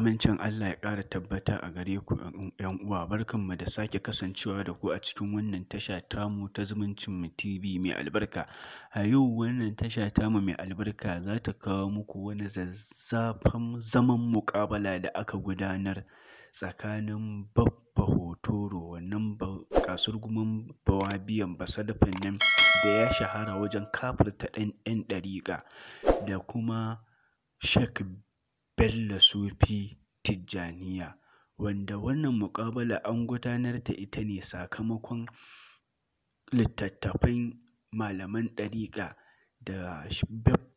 Amincin Allah ya ƙara tabbata a gare ku ‘yan uwa, barkan mu da sake kasancewa da ku a cikin wannan tasha tamu ta zumuncin mu TV mai albarka. A yau wannan tasha tamu mai albarka za ta kawo muku wani zazzafan zaman muƙabala da aka gudanar tsakanin babba hotoro wannan kasurguman bawabiyan basadafin nan da ya shahara wajen kafirta ɗan ɗan ɗariƙa da kuma Sheikh Bello Sufi Tijjaniya, wanda wannan muƙabala an gudanar da ita ne sakamakon littattafan malaman ɗariƙa da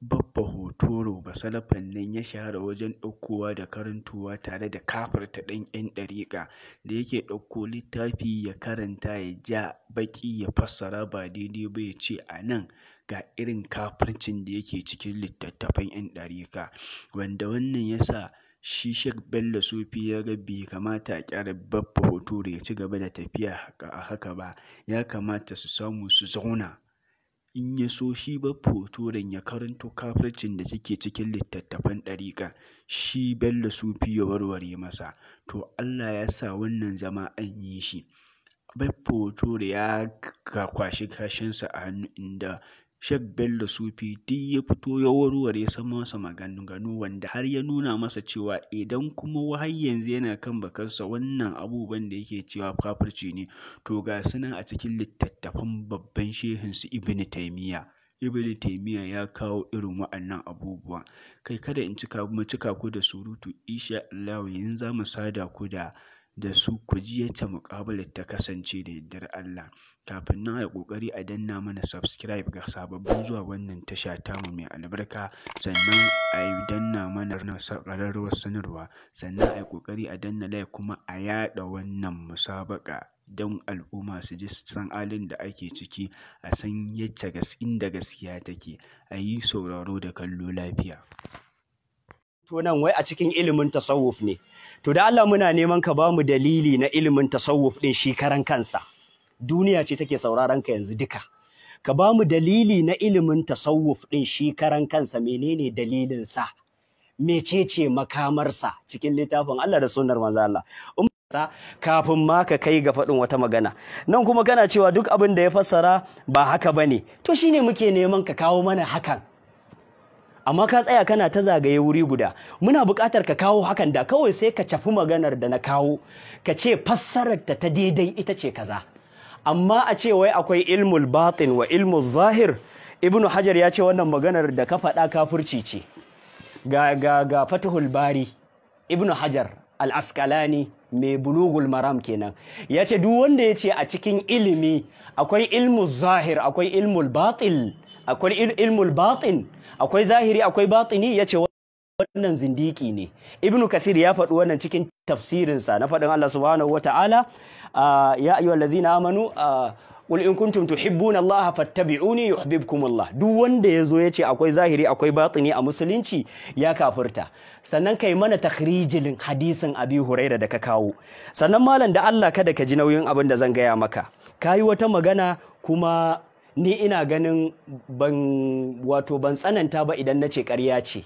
Baffa Hotoro Basalafan nan ya shahara wajen ɗaukowa da karantowa tare da kafarta ɗan 'yan ɗariƙa da yake ɗauko littafi ya karanta ya ja baƙi ya fassara ba daidai ba ya ce a nan. ga irin kafircin da yake cikin littattafan 'yan ɗarika wanda wannan ya sa shi Shek Bello Sufi ya ga bai kamata a kyara babba hoto da ya ci gaba da tafiya a haka ba ya kamata su samu su zauna in ya so shi babba hoto ya karanto kafircin da suke cikin littattafan ɗarika, shi Bello Sufi ya warware masa to Allah ya sa wannan zama an yi shi babba hoto ya kwashi kashinsa a hannu inda Sheikh Bello Sufi duk ya fito ya warware masa maganganu wanda har ya nuna masa cewa idan kuma wahai yanzu yana kan bakarsa wannan abubuwan da yake cewa kafirci ne to ga sunan a cikin littattafan babban shehinsu Ibn Taymiyyah ibn ya kawo irin wa'annan abubuwa kai kada in cika mu cika ku da surutu insha Allah yanzu za mu sada ku da da su ku ji yadda muƙabalar ta kasance da yardar Allah. Kafin nan a ƙoƙari a danna mana subscribe ga sababbin zuwa wannan tasha tamu mai albarka sannan a yi danna mana ƙararrawar sanarwa sannan a yi ƙoƙari a danna like kuma a yaɗa wannan musabaƙa. don al'umma su ji san halin da ake ciki a san yacce inda gaskiya take a yi sauraro da kallo lafiya. To nan wai a cikin ilimin tasawuf ne. to da Allah muna neman ka ba mu dalili na ilimin tasawuf ɗin shi karan kansa duniya ce take sauraron ka yanzu duka ka ba mu dalili na ilimin tasawuf ɗin shi karan kansa menene dalilin sa mecece makamarsa cikin littafin Allah da sunnar manzo Allah kafin ma ka kai ga faɗin wata magana nan kuma kana cewa duk abin da ya fassara ba haka bane to shine muke neman ka kawo mana hakan amma ka tsaya kana ta zagaye wuri guda muna buƙatar ka kawo hakan da kawai sai ka cafi maganar da na kawo ka ce fassararta ta daidai ita ce kaza amma a ce wai akwai ilmul batin wa ilmul zahir ibnu hajar ya ce wannan maganar da ka faɗa furci ce ga ga ga bari ibnu hajar al-askalani mai bulugul maram kenan ya ce duk wanda ya ce a cikin ilimi akwai ilmul zahir akwai ilmul batil akwai ilmul batin akwai zahiri akwai batini yace wannan zindiki ne ibnu kasir ya faɗi wannan cikin tafsirinsa na faɗin Allah subhanahu wataala ah, ya ayyuhallazina amanu ah, qul in kuntum tuhibbuna Allah fattabi'uni yuhibbukumullah duk wanda yazo yace akwai zahiri akwai batini a musulunci ya kafirta sannan kai mana takrijin hadisin Abi Hurairah da ka kawo sannan malam da Allah kada ka ji nauyin abin da zan gaya maka yi wata magana kuma ni ina ganin ban wato ban tsananta ba idan na ce karya ce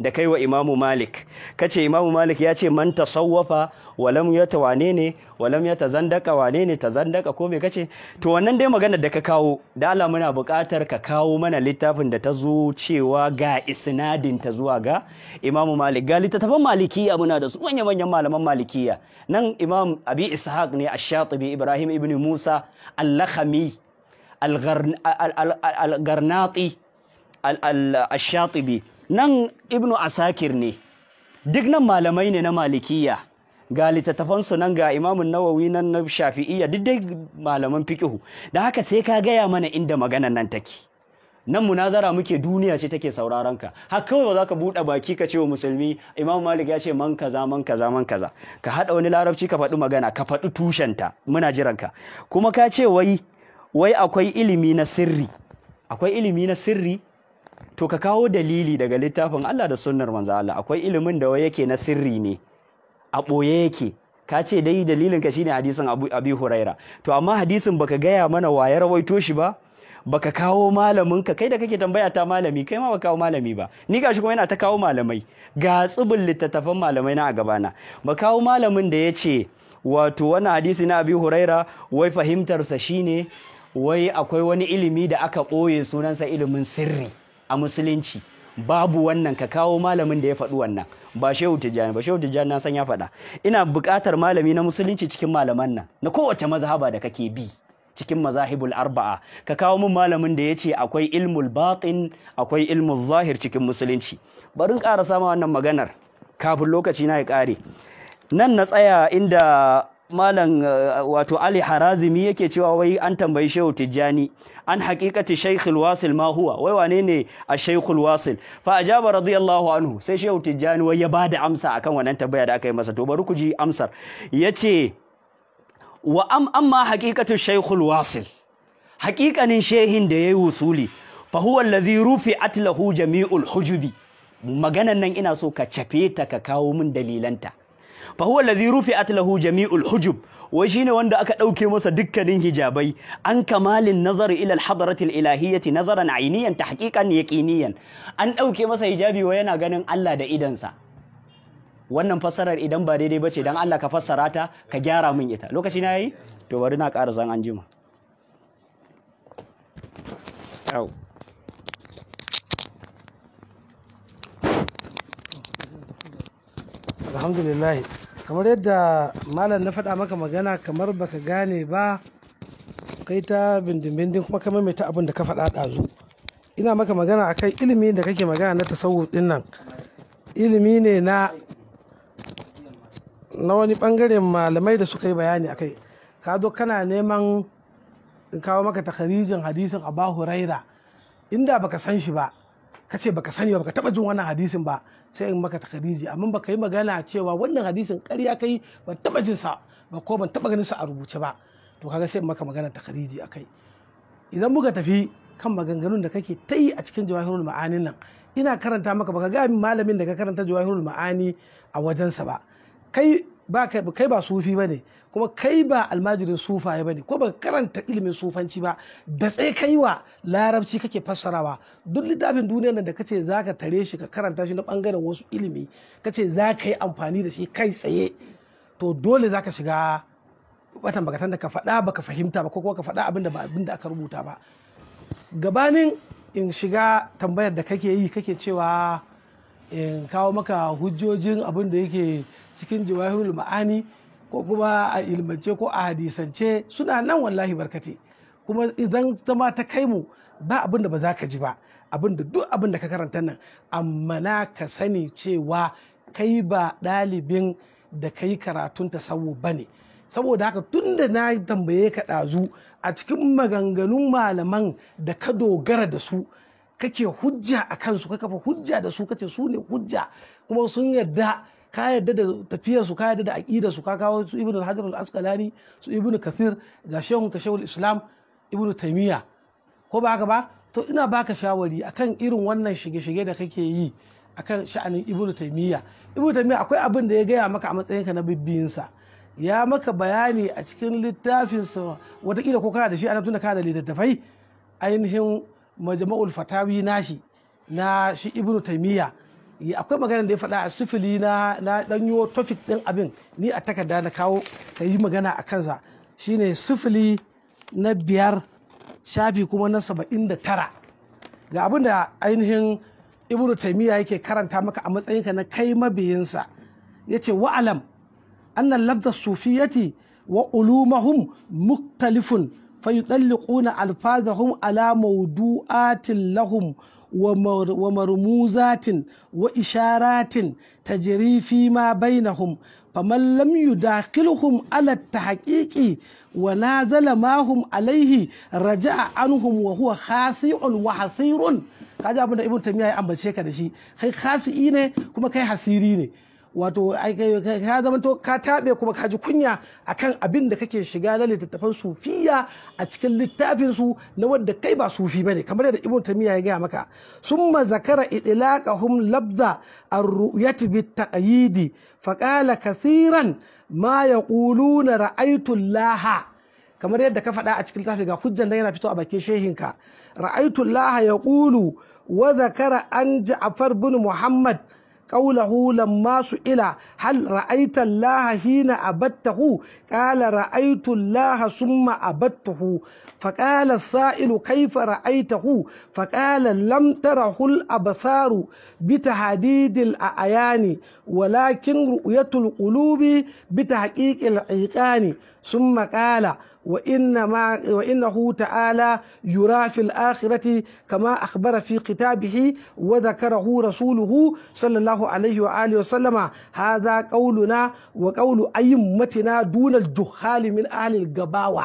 da kai wa imamu malik Ka ce imamu malik ya ce man sauwafa walam ya ta wane ne walam ya zandaka wane ne zandaka ko me kace to wannan dai magana da ka kawo da Allah muna buƙatar ka kawo mana littafin da ta zo cewa ga isnadin ta zuwa ga imamu malik ga littattafan malikiya muna da su manya manyan malaman malikiya nan imam abi ishaq ne ash-shatibi ibrahim ibn musa al-lakhami al-garnati al-shatibi nan ibnu asakir ne duk nan malamai ne na malikiya ga littattafansu nan ga imamun nawawi nan na shafi'iyya duk dai malaman fikihu da haka sai ka gaya mana inda maganan nan take nan munazara muke duniya ce take sauraron ka har kawai ba za ka buɗe baki ka ce wa musulmi imam malik ya ce man kaza man kaza man kaza ka haɗa wani larabci ka faɗi magana ka faɗi tushenta muna jiran ka kuma ka ce wai wai akwai ilimi na sirri akwai ilimi na sirri to ka kawo dalili daga littafin Allah da sunnar manzo Allah akwai ilimin da wai yake na sirri ne a ɓoye yake ka ce dai dalilin ka shine hadisin Abi Huraira to amma hadisin baka gaya mana wa ya rawaito shi ba baka kawo malamin ka kai da kake tambaya ta malami kai ma baka kawo malami ba ni gashi kuma yana ta kawo malamai ga tsibin littattafan malamai na a gabana ba kawo malamin da ya ce wato wannan hadisi na Abi Huraira wai fahimtarsa shine wai akwai wani ilimi da aka ɓoye sunansa ilimin sirri a musulunci babu wannan ka kawo malamin da ya faɗi wannan ba shehu tijjani ba shehu tijjani na san ya faɗa ina buƙatar malami na musulunci cikin malaman nan na kowace mazhaba da kake bi cikin mazahibul arba'a ka kawo min malamin da ya ce akwai ilmul batin akwai ilmul zahir cikin musulunci bari ƙara sama wannan maganar kafin lokaci na ya ƙare nan na tsaya inda malam eh, wato Ali Harazimi yake cewa wai an tambayi Shehu Tijjani an hakikati Shaykhul Wasil ma huwa wai wane ne a Shaykhul Wasil fa ajaba radiyallahu anhu sai Shehu Tijjani wai ya bada amsa akan wannan tambaya da aka yi masa to bari ku ji amsar yace wa am amma haqiqatu Shaykhul Wasil haqiqanin shehin da yayi wusuli fa huwa allazi rufi'at lahu jami'ul hujubi maganan nan ina so ka cafe ta ka kawo min dalilanta fa huwa alladhi rufi'at lahu jami'ul hujub wai shine wanda aka dauke masa dukkanin hijabai an kamalin nazari ila al-hadratil ilahiyyati nazaran ayniyan tahqiqan yaqiniyan an dauke masa hijabi wa yana ganin Allah da idansa wannan fassarar idan ba daidai bace dan Allah ka fassara ta ka gyara min ita lokaci na yayi to bari na ƙara zan anjima au alhamdulillah kamar yadda malam na faɗa maka magana kamar baka gane ba kai ta bindin-bindin kuma ka maimaita abin da ka faɗa ɗazu ina maka magana akan ilimi da kake magana na tasawuf ɗin nan ilimi ne na na wani ɓangaren malamai da suka yi bayani akai ka zo kana neman in kawo maka takarijin hadisin abahu raira inda baka san shi ba ka ce baka sani ba baka taɓa jin wannan hadisin ba sai in maka takadiji amma baka yi magana cewa wannan hadisin ƙarya kai ban taba jin ba ko ban taba ganin sa a rubuce ba to kaga sai in maka magana a kai. idan muka tafi kan maganganun da kake ta yi a cikin jawahirul ma'anin nan ina karanta maka baka ga min malamin da ka karanta jawahirul ma'ani a wajensa ba kai ba kai ba ne. kuma kai ba almajirin sufaye ne ko ba karanta ilimin sufanci ba da tsaye kai wa larabci kake fassarawa duk littafin duniyar nan da kace zaka tare shi ka karanta shi na bangaren wasu ilimi kace za ka yi amfani da shi kai tsaye to dole zaka shiga watan bakatan da ka faɗa baka fahimta ba ko kuma ka faɗa abinda ba abin aka rubuta ba gabanin in shiga tambayar da kake yi kake cewa in kawo maka hujjojin abin da yake cikin jawahirul ma'ani ko kuma a ilmance ko a hadisance suna nan wallahi barkate kuma idan zama ta kai mu ba abin da ba za ka ji ba abin da duk abin da ka karanta nan amma na ka sani cewa kai ba ɗalibin da ka yi karatun sabo ba ne saboda haka tun da na tambaye ka ɗazu a cikin maganganun malaman da ka dogara da su kake hujja a kansu ka kafa hujja da su kace su ne hujja kuma sun yarda ka yadda da tafiyar su ka yadda da aqidar su ka kawo su ibnu hajar al-asqalani su ibnu kasir ga shehu ta islam ibnu taymiya ko ba haka ba to ina baka shawari akan irin wannan shige-shige da kake yi akan sha'anin ibnu taymiya ibnu taymiya akwai abin da ya gaya maka a matsayinka na bibbiyinsa ya maka bayani a cikin littafinsa watakila ko kana da shi a tunda kana da littattafai ainihin majma'ul fatawi nashi na shi ibnu taymiya Eh, akwai maganar da ya faɗa a sifili na ɗanyo tofik ɗin abin ni a takarda na kawo ka yi magana a kansa shine sifili na biyar shafi kuma na saba'in da tara ga abin da ainihin ibnu taimiyya yake karanta maka a matsayinka na kai mabiyinsa ya ce wa'alam annan labda sufiyati wa ulumahum muktalifun fayuɗalliƙuna alfazahum ala maudu'atin lahum wa marmuzatin wa isharatin ta fi ma bainahum faman lam yudakhilhum ala tahqiqi wa nazala ma hum alaihi raja'a anhum wa huwa khasi'un wa hasirun kaji abin da ibn tamiya ya ambace ka da shi kai khasi'i ne kuma kai hasiri ne wato ka zama to ka taɓe kuma ka ji kunya akan abin da kake shiga na littattafan sufiya a cikin littafin na wadda kai ba sufi bane kamar yadda ibnu tamiya ya gaya maka Sun summa zakara idlaqahum labza ar-ru'yati bit-taqyidi faqala kathiran ma yaquluna ra'aytu laha kamar yadda ka faɗa a cikin littafin ga hujjan da yana fito a bakin shehinka ra'aytu laha yaqulu wa zakara an ja'far bin muhammad qawlahu lamma ila hal ra'aita allaha hina abattahu qala ra'aitu allaha summa abattahu fa qala as-sa'ilu kayfa ra'aitahu fa qala lam tarahu al-absaru bi hadidil a ayani walakin ru'yatul qulubi bi tahqiq al-iqani summa qala وإنما وإنه تعالى يرى في الآخرة كما أخبر في كتابه وذكره رسوله صلى الله عليه وآله وسلم هذا قولنا وقول أئمتنا دون الجهال من أهل القباوة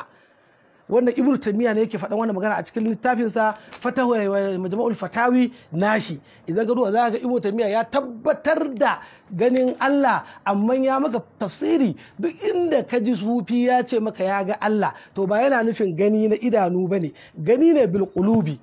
wannan ibn tamiya ne yake faɗan wannan magana a cikin littafinsa fatahu eh, majma'ul fatawi nashi idan ga ruwa za ga ibnu tamiya ya tabbatar da ganin Allah amma ya maka tafsiri duk inda ka ji sufi ya ce maka ya ga Allah to ba yana nufin gani na idanu bane gani ne bil qulubi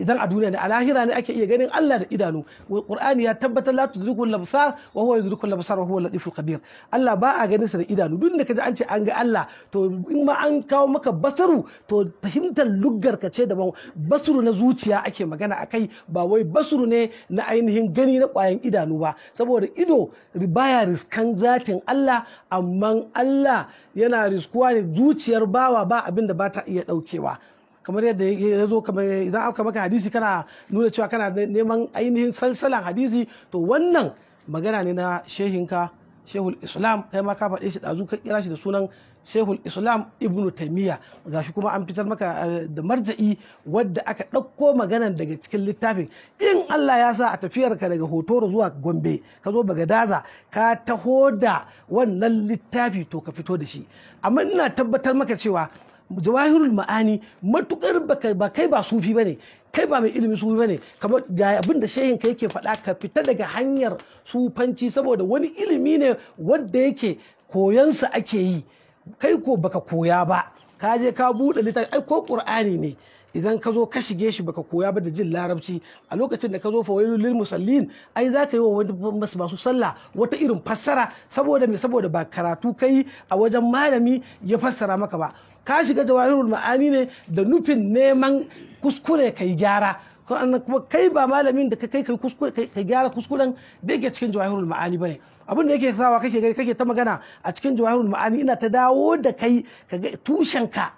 idan a duniya ne a lahira ne ake iya ganin Allah da idanu Qur'ani ya tabbatar la tudrikul labsar wa huwa yudrikul labsar wa huwa latiful khabir Allah ba a ganin sa da idanu duk da kaje an ce an ga Allah to in ma an kawo maka basaru to fahimtar luggar ka ce daban basuru na zuciya ake magana akai ba wai basuru ne na ainihin gani na kwayan idanu ba saboda ido baya riskan zatin Allah amma Allah yana riskuwa ne zuciyar bawa ba abin da ba ta iya daukewa kamar yadda ya zo kamar idan aka maka hadisi kana nuna cewa kana neman ainihin salsalan hadisi to wannan magana ne na shehinka shehul islam kai ma ka faɗe shi ɗazu ka kira shi da sunan shehul islam ibnu taimiyya shi kuma an fitar maka eh, da marja'i wadda aka ɗauko maganan daga cikin littafin in allah ya sa a tafiyar ka daga hotoro zuwa gombe ka zo bagadaza ka taho da wannan littafi to ka fito da shi amma ina tabbatar maka cewa jawahirul ma'ani matukar ba kai ba sufi bane kai ba mai ilimin sufi bane kamar ga abin da shehin ka yake faɗa ka fita daga hanyar sufanci saboda wani ilimi ne wanda yake koyansa ake yi kai ko baka koya ba ka je ka buɗe littafi ai ko qur'ani ne idan ka zo ka shige shi baka koya ba da jin larabci a lokacin da ka zo fawailu lil musallin ai za ka yi wa wani masu sallah wata irin fassara saboda me saboda ba karatu kai a wajen malami ya fassara maka ba ka shiga jawahirul ma'ani ne da nufin neman kuskure kai gyara kuma kai ba malamin da kai kai kuskure kai gyara kuskuren da yake cikin jawahirul ma'ani bane abin da yake sawa kake gani kake ta magana a cikin jawahirul ma'ani ina ta dawo da kai ka ga tushen ka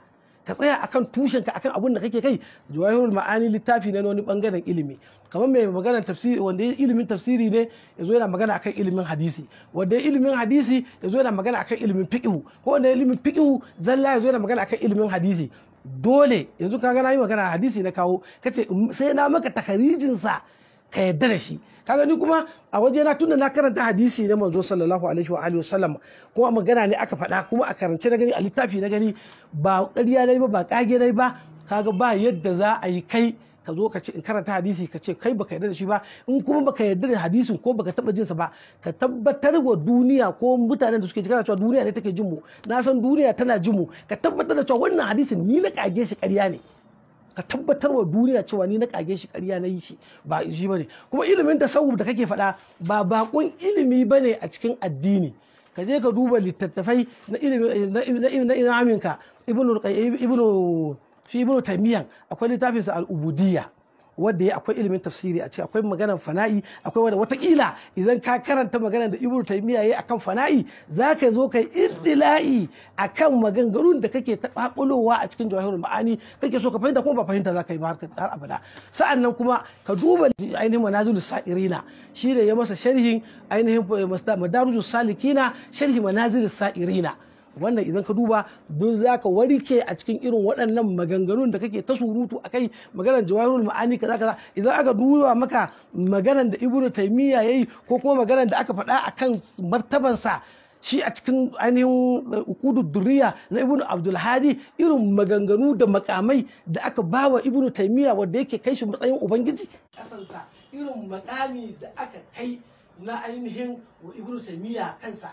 ka tsaya akan tushen ka akan abin da kake kai jawahirul ma'ani littafi ne na wani bangaren ilimi kamar mai magana tafsiri wanda ya ilimin tafsiri ne ya zo yana magana akan ilimin hadisi wanda ya ilimin hadisi ya zo yana magana akan ilimin fiqhu ko wanda ya ilimin fiqhu zalla ya zo yana magana akan ilimin hadisi dole yanzu ga na yi magana hadisi na kawo kace mm, sai na maka takharijin sa ka yadda da shi kaga ni kuma a waje na tunda na karanta hadisi na manzo sallallahu alaihi wa alihi wasallam kuma magana ne aka faɗa kuma a karance na gani a littafi na gani ba ƙarya na ba ba kage na ba kaga ba yadda za a yi kai ka zo ka ce in karanta hadisi ka ce kai baka yarda da shi ba in kuma baka yarda da hadisin ko baka taba jinsa ba ka tabbatar wa duniya ko mutanen da suke ji cewa duniya ne take jin mu na san duniya tana jin mu ka tabbatar da cewa wannan hadisin ni na kage shi ƙarya ne ka tabbatar wa duniya cewa ni na kage shi ƙarya na yi shi ba shi bane kuma ilimin tasawuf da kake faɗa ba bakon ilimi bane a cikin addini ka je ka duba littattafai na ilimin na na ibnu ibnu fi ibnu taymiyan akwai littafinsa al-ubudiyya wanda ya akwai ilimin tafsiri a cikin akwai maganar fana'i akwai wanda watakila idan ka karanta maganar da ibnu taymiya yayi akan fana'i zaka zo kai iddila'i akan maganganun da kake tabakulowa a cikin jawahirul ma'ani kake so ka fahimta kuma ba fahimta zaka yi ba har abada sa'annan kuma ka duba ainihin manazilus sa'irina shi da ya masa sharhin ainihin eh, madarujus salikina sharhi manazilus sa'irina wannan idan ka duba don za ka warke a cikin irin waɗannan maganganun da kake ta surutu a kai. maganar jawahirul ma'ani kaza kaza idan aka duba maka maganar da ibnu taymiya yayi ko kuma maganar da aka faɗa akan martabansa shi a cikin ainihin eh, ukudu duriya na ibnu abdulhadi irin maganganu da makamai da aka bawa ibnu taimiyya wanda yake kai shi matsayin ubangiji kasansa irin makami da aka kai na ainihin wa ibnu taimiyya kansa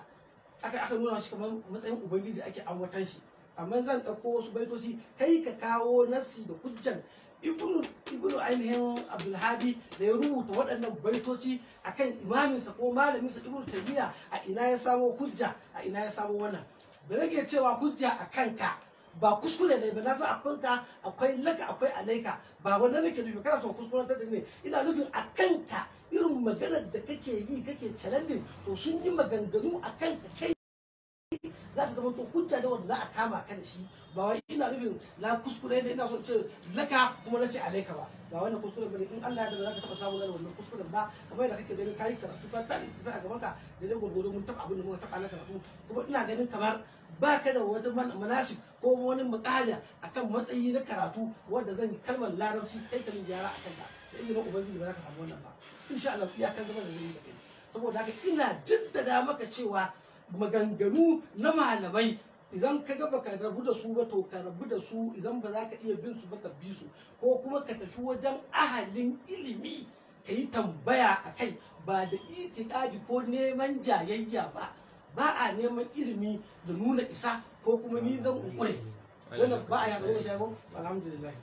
aka aka nuna shi kamar matsayin ubangiji ake ambatan shi amma zan ɗauko wasu baitoci kai ka kawo nassi da hujjan ibnu ibnu ainihin abdulhadi da ya rubuta waɗannan baitoci akan imaminsa ko malaminsa ibnu tabiya a ina ya samo hujja a ina ya samo wannan da rage cewa hujja a kanka ba kuskure ne ba na san akwai akwai laka akwai alaika ba wanda nake nufi kana so kuskuren ta ne ina nufin a kanka irin maganar da kake yi kake challenging to sun yi maganganu a kanka kai za ta zama to hujja ne wanda za a kama ka da shi ba wai ina nufin na kuskure ne ina son ce laka kuma na ce alaika ba ba wannan kuskure ne in Allah ya yarda za taba samu wannan kuskuren ba kamar yadda kake ganin kai karatu ka tare da a gaban ka da dai gurgudu mun taba abin da muka taba na karatu kuma ina ganin kamar ba ka da wata manasib ko wani makala akan matsayi na karatu wanda zan yi kalmar larabci kai ka min gyara akan ka da izinin ubangiji ba za ka samu wannan ba insha Allah ya kan zama da zai yi da kai saboda haka ina jaddada maka cewa maganganu na malamai idan ka ga baka rabu da su ba to ka rabu da su idan ba za ka iya bin su ba ka bi su ko kuma ka tafi wajen ahalin ilimi ka yi tambaya a kai ba da itikadi ko neman jayayya ba ba a neman ilimi da nuna isa ko kuma ni zan kure wannan ba a ah, shi ko alhamdulillah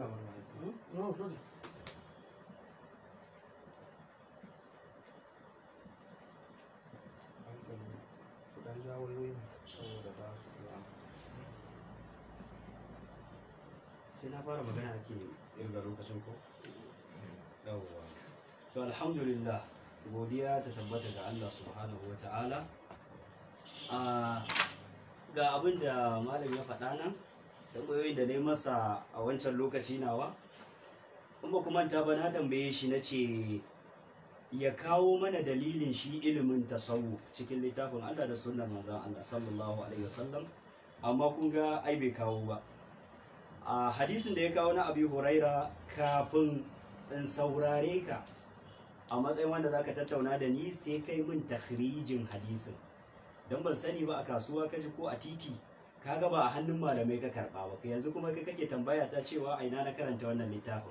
a hmm? shi saboda su sai na fara magana ake irga lokacin ko yawwa to alhamdulillah godiya ta tabbata ga Allah subhanahu wa ta'ala ga abin da malam ya faɗa nan tambayoyin da na yi masa a wancan lokaci nawa kuma kuma ta ba na tambaye shi na ce ya kawo mana dalilin shi ilimin tasawuf cikin littafin Allah da sunnar manzon Allah sallallahu alaihi wasallam amma kun ga ai bai kawo ba a hadisin da ya kawo na Abi Huraira kafin in saurare ka a matsayin wanda zaka tattauna da ni sai kai min takhrijin hadisin dan ban sani ba a kasuwa kaji ko a titi kaga ba a hannun malamai ka karba ba yanzu kuma kai kake tambaya ta cewa a ina na karanta wannan littafin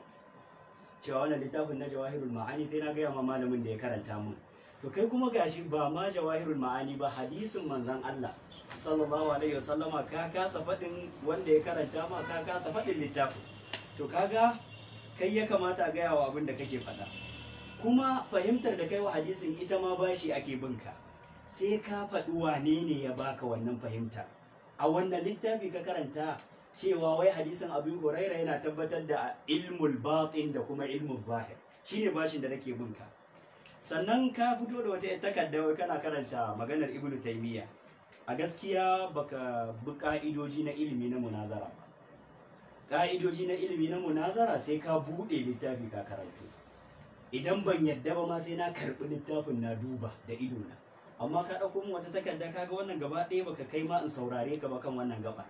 cewa wannan littafin na jawahirul ma'ani sai na gaya ma malamin da ya karanta mun to kai kuma gashi ba ma jawahirul ma'ani ba hadisin manzon Allah sallallahu alaihi wasallama ka kasa faɗin wanda ya karanta ma ka kasa faɗin littafin to kaga kai ya kamata a gaya wa abin da kake faɗa kuma fahimtar da kai wa hadisin ita ma bashi ake binka sai ka faɗi wane ne ya baka wannan fahimta a wannan littafi ka karanta cewa wai hadisin abin huraira yana tabbatar da ilmul batin da kuma ilmul zahir shine bashin da nake binka sannan ka fito da wata takarda wai kana karanta maganar ibnu taymiya a gaskiya baka bi ka'idoji na ilimi na munazara ka'idoji na ilimi na munazara sai ka bude littafi ka karanto idan ban yadda ba ma sai na karɓi littafin na duba da idona amma ka ɗauko min wata takarda kaga wannan gaba ɗaya baka kai ma in saurare ka ba kan wannan gabar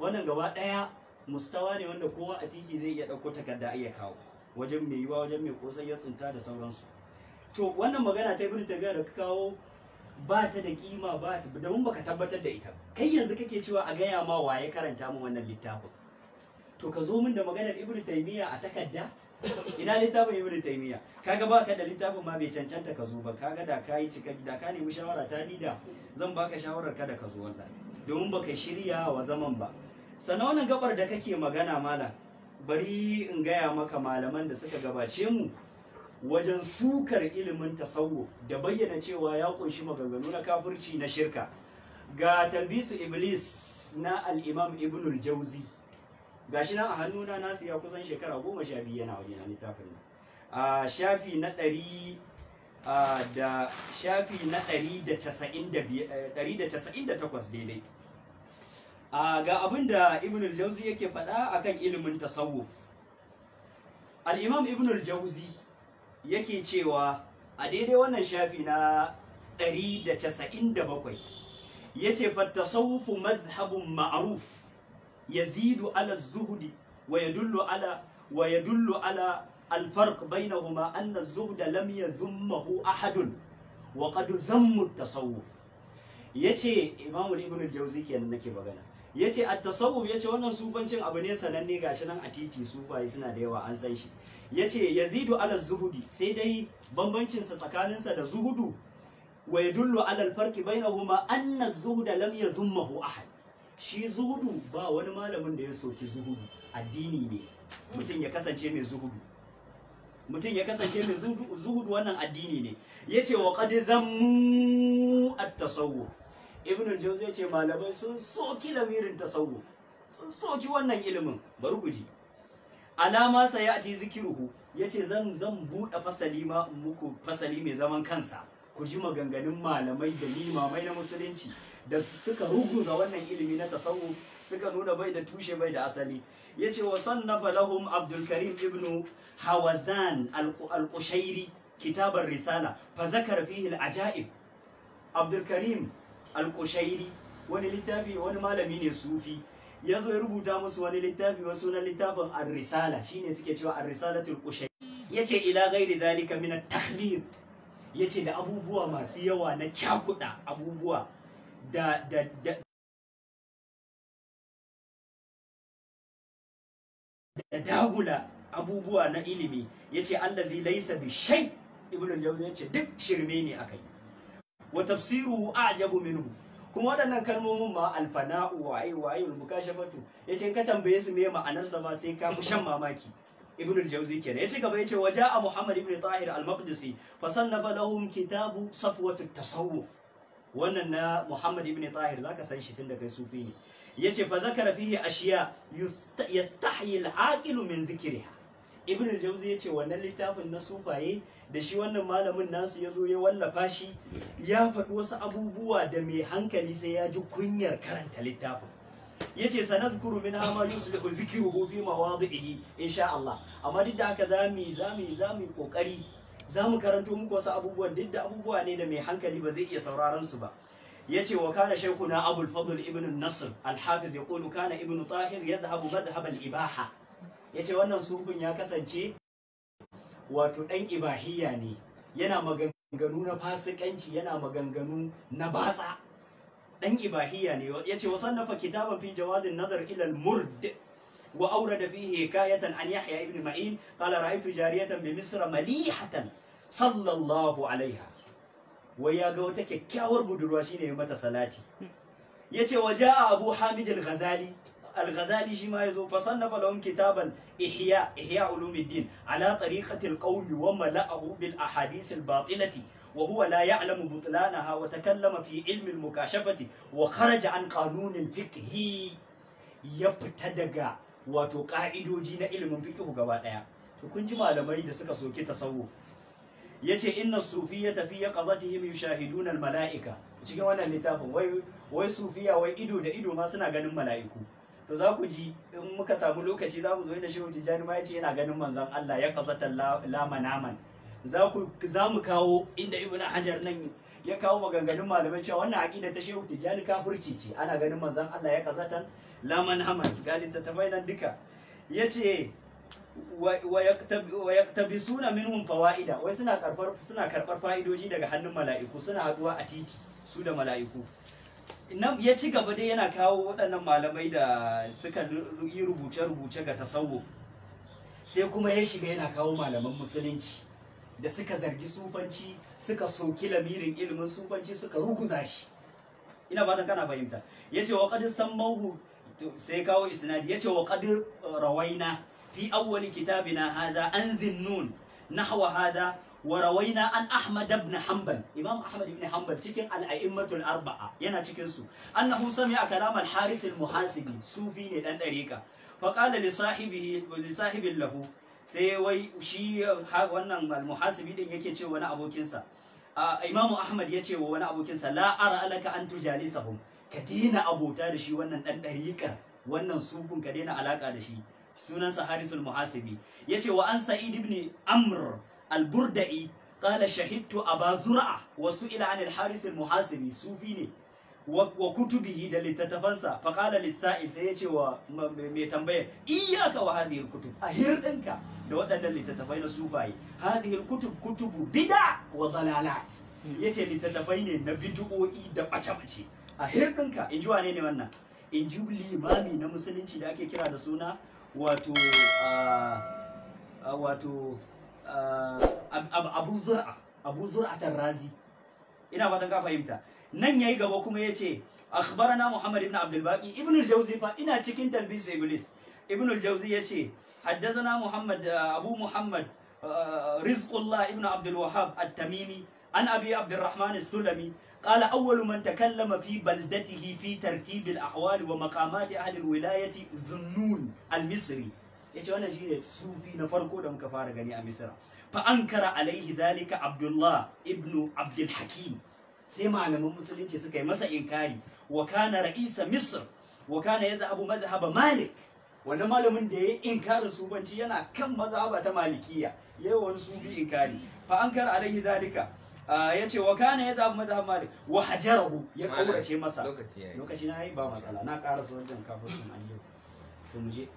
wannan gaba ɗaya mustawa ne wanda kowa a titi zai iya ɗauko takarda iya kawo wajen mai yiwa wajen mai kosai ya tsinta da sauransu to wannan magana ta ibnu tabiya da ka kawo ba ta da kima ba mun baka tabbatar da ita kai yanzu kake cewa a gaya ma waye karanta mu wannan littafin to ka zo min da maganar ibnu taymiya a takarda ina littafin ibnu taymiya kaga ba ka da littafin ma bai cancanta ka zo ba kaga da kai cika da ka nemi shawara ta ni da zan baka shawarar kada ka zo wallahi domin baka shirya wa zaman ba sannan wannan gabar da kake magana malam bari in gaya maka malaman da suka gabace mu wajen sukar ilimin tasawuf da bayyana cewa ya kunshi maganganu na kafirci na shirka ga talbisu iblis na al-imam ibn al-jauzi gashi nan a hannuna nasu ya kusan shekara goma sha biyu yana wajen littafin a shafi na ɗari da shafi na ɗari da casa'in da takwas daidai ga abinda da ibn jauzi yake faɗa akan ilimin tasawuf al-imam ibn jauzi yake cewa a daidai wannan shafi na 197 yace fa tasawuf madhhabun ma'ruf yazidu ala zuhdi wa yadullu ala wa yadullu ala az-zuhd lam الزهد لم wa qad at-tasawuf yace Imam ibn al kenan nake magana yace a tasawuf yace wannan sufancin abu ne sananne gashi nan a titi su sufaye suna da yawa an san shi yace yazidu ala zuhudi sai dai bambancin sa tsakanin sa da zuhudu wa yadullu ala bai na bainahuma anna zuhda lam yazummahu ahad shi zuhudu ba wani malamin da ya soki zuhudu addini ne mutum ya kasance mai zuhudu mutum ya kasance mai zuhudu wannan addini ne yace wa qad zammu at-tasawuf ibn al ya ce malamai sun soki lamirin tasawu sun soki wannan ilimin bari ku ji alama sa ya ati zikiruhu yace zan zan buɗe fasali ma muku fasali mai zaman kansa ku ji maganganun malamai da limamai na musulunci da suka ruguza wannan ilimi na tasawu suka nuna bai da tushe bai da asali yace wa sannafa lahum abdul karim ibnu hawazan al-qushairi kitabar risala fa zakara fihi al-ajaib abdul karim al-kushairi wani littafi wani malami ne sufi ya zo ya rubuta musu wani littafi wa sunan littafin ar-risala shine suke cewa ar-risalatul qushairi yace ila ghairi dhalika min at-takhlid yace da abubuwa masu yawa na cakuda abubuwa da da, da dagula abubuwa na ilimi yace allazi laysa bi shay ibnu al-jawzi yace duk shirme ne akai wa tafsiruhu a'jabu minhu kuma waɗannan kalmomin ma alfana'u waye waye mukashafatu yace in ka tambaye su me ma'anar sa ma sai ka fi shan mamaki ibnu al-jawzi kenan yace gaba yace waja'a muhammad ibn tahir al-maqdisi fa sannafa lahum kitabu safwatut tasawwuf wannan na muhammad ibn tahir zaka san shi tun da kai sufi ne yace fa zakara fihi ashiya yastahyi al-aqilu min dhikriha ibn jauzi ya ce wannan littafin na sufaye da shi wannan malamin nasu ya zo ya wallafa shi ya faɗi wasu abubuwa da mai hankali sai ya ji kunyar karanta littafin ya ce sanadkuru min hama yuslihu dhikruhu fi mawadihi insha Allah amma duk da haka zamu zamu zamu kokari zamu karanto muku wasu abubuwan duk da abubuwa ne da mai hankali ba zai iya sauraron su ba yace wa kana shaykhuna abul fadl ibn nasr al hafiz yaqulu kana ibn tahir yadhhabu madhhab al ibaha ya ce wannan sufin ya kasance wato ɗan ibahiyya ne yana maganganu na fasikanci yana maganganu na batsa ɗan ibahiyya ne ya ce wasan nafa kitaban fi jawazin nazar ilal murd wa da fihi hikayatan an yahya ibn ma'in kala ra'aytu jariyatan bi misra malihatan sallallahu alaiha wai ya ga wata kyakkyawar budurwa shine mata salati yace a abu hamid al-ghazali al-ghazali shi ma yazo fa sannafa lahum kitaban ihya ihya ulumuddin ala tariqati al-qawl wa mala'ahu bil ahadith al-batilati وهو لا يعلم بطلانها وتكلم في علم المكاشفة وخرج عن قانون الفقه يبتدق وتقاعدو جين علم الفقه قبل kun ji malamai da suka ta tasawuf yace inna tafi ya yaqazatihim yushahiduna al malaika cikin wannan littafin wai sufiya wai ido da ido ma suna ganin mala'iku to za ku ji in muka samu lokaci za ku zo inda shehu tijjani ma ce yana ganin manzon Allah ya kasata la manaman za ku za mu kawo inda ibn hajar nan ya kawo maganganun malamai cewa wannan aqida ta shehu tijjani kafirci ce ana ganin manzon Allah ya kasata la manaman gani ta nan duka yace wa yaktabisuna minhum fawaida wai suna karbar suna karbar fa'idoji daga hannun mala'iku suna haduwa a titi su da mala'iku ya ci gaba dai yana kawo waɗannan malamai da suka yi rubuce-rubuce ga tasawo, sai kuma ya shiga yana kawo malaman musulunci da suka zargi sufanci suka soki lamirin ilimin sufanci suka ruguza shi ina ba kana fahimta ya ce wa san mahu sai kawo isnadi ya ce wa rawaina fi awwali kitabina hada an zinnun nahwa hada wa rawaina an ahmad ibn hanbal imam ahmad ibn hanbal cikin al-a'immatul arba'a yana cikin su annahu sami a al-haris al-muhasibi sufi ne dan dariƙa fa qala li sahibihi li lahu sai wai shi wannan al-muhasibi din yake ce wani abokinsa imam ahmad ya ce wa wani abokinsa la ara alaka an tujalisahum ka daina abota da shi wannan dan dariƙa wannan sukun ka daina alaka da shi sunansa harisul muhasibi ya ce wa an sa'id ibn amr al-burda'i qala shahidtu aba zur'a wa su'ila anil haris al-muhasibi sufi ne wa kutubihi da littattafansa fa qala sai yace wa mai tambaya iyyaka wa hadhihi al-kutub a hirdinka da waɗannan littattafai na sufaye hadhihi al-kutub kutubu bid'a wa dalalat hmm. yace littattafai ne na bid'o'i da bace-bace a hirdinka in ji wane ne wannan in ji limami na musulunci da ake kira da suna wato ah, ah, wato ah, abu zur'a abu zur'atar razi ina fatan ka fahimta nan yayi gaba kuma yace akhbarana muhammad ibn abdul baqi ibn al-jawzi fa ina cikin talbis iblis ibn al-jawzi yace haddathana muhammad uh, abu muhammad uh, rizqullah ibn abdul wahhab at-tamimi an abi abdurrahman as-sulami قال أول من تكلم في بلدته في ترتيب الأحوال ومقامات أهل الولاية زنون المصري يجي أنا جيني صوفي نفرقو دم كفار غني أمسرا فأنكر عليه Ibn عبد الله ابن عبد الحكيم سيما على مسلم سكي مسا raisa misr رئيس مصر ya يذهب مذهب Malik wannan malamin da ya yi inkarin subanci yana kan mazhaba ta malikiya yawan wani inkari bi an kar alaihi zalika ya ce wa kana ya zaɓi mazhab malik wa hajarahu ya kaurace masa lokaci na yi ba matsala na ƙara sojan kafin an yi to mu je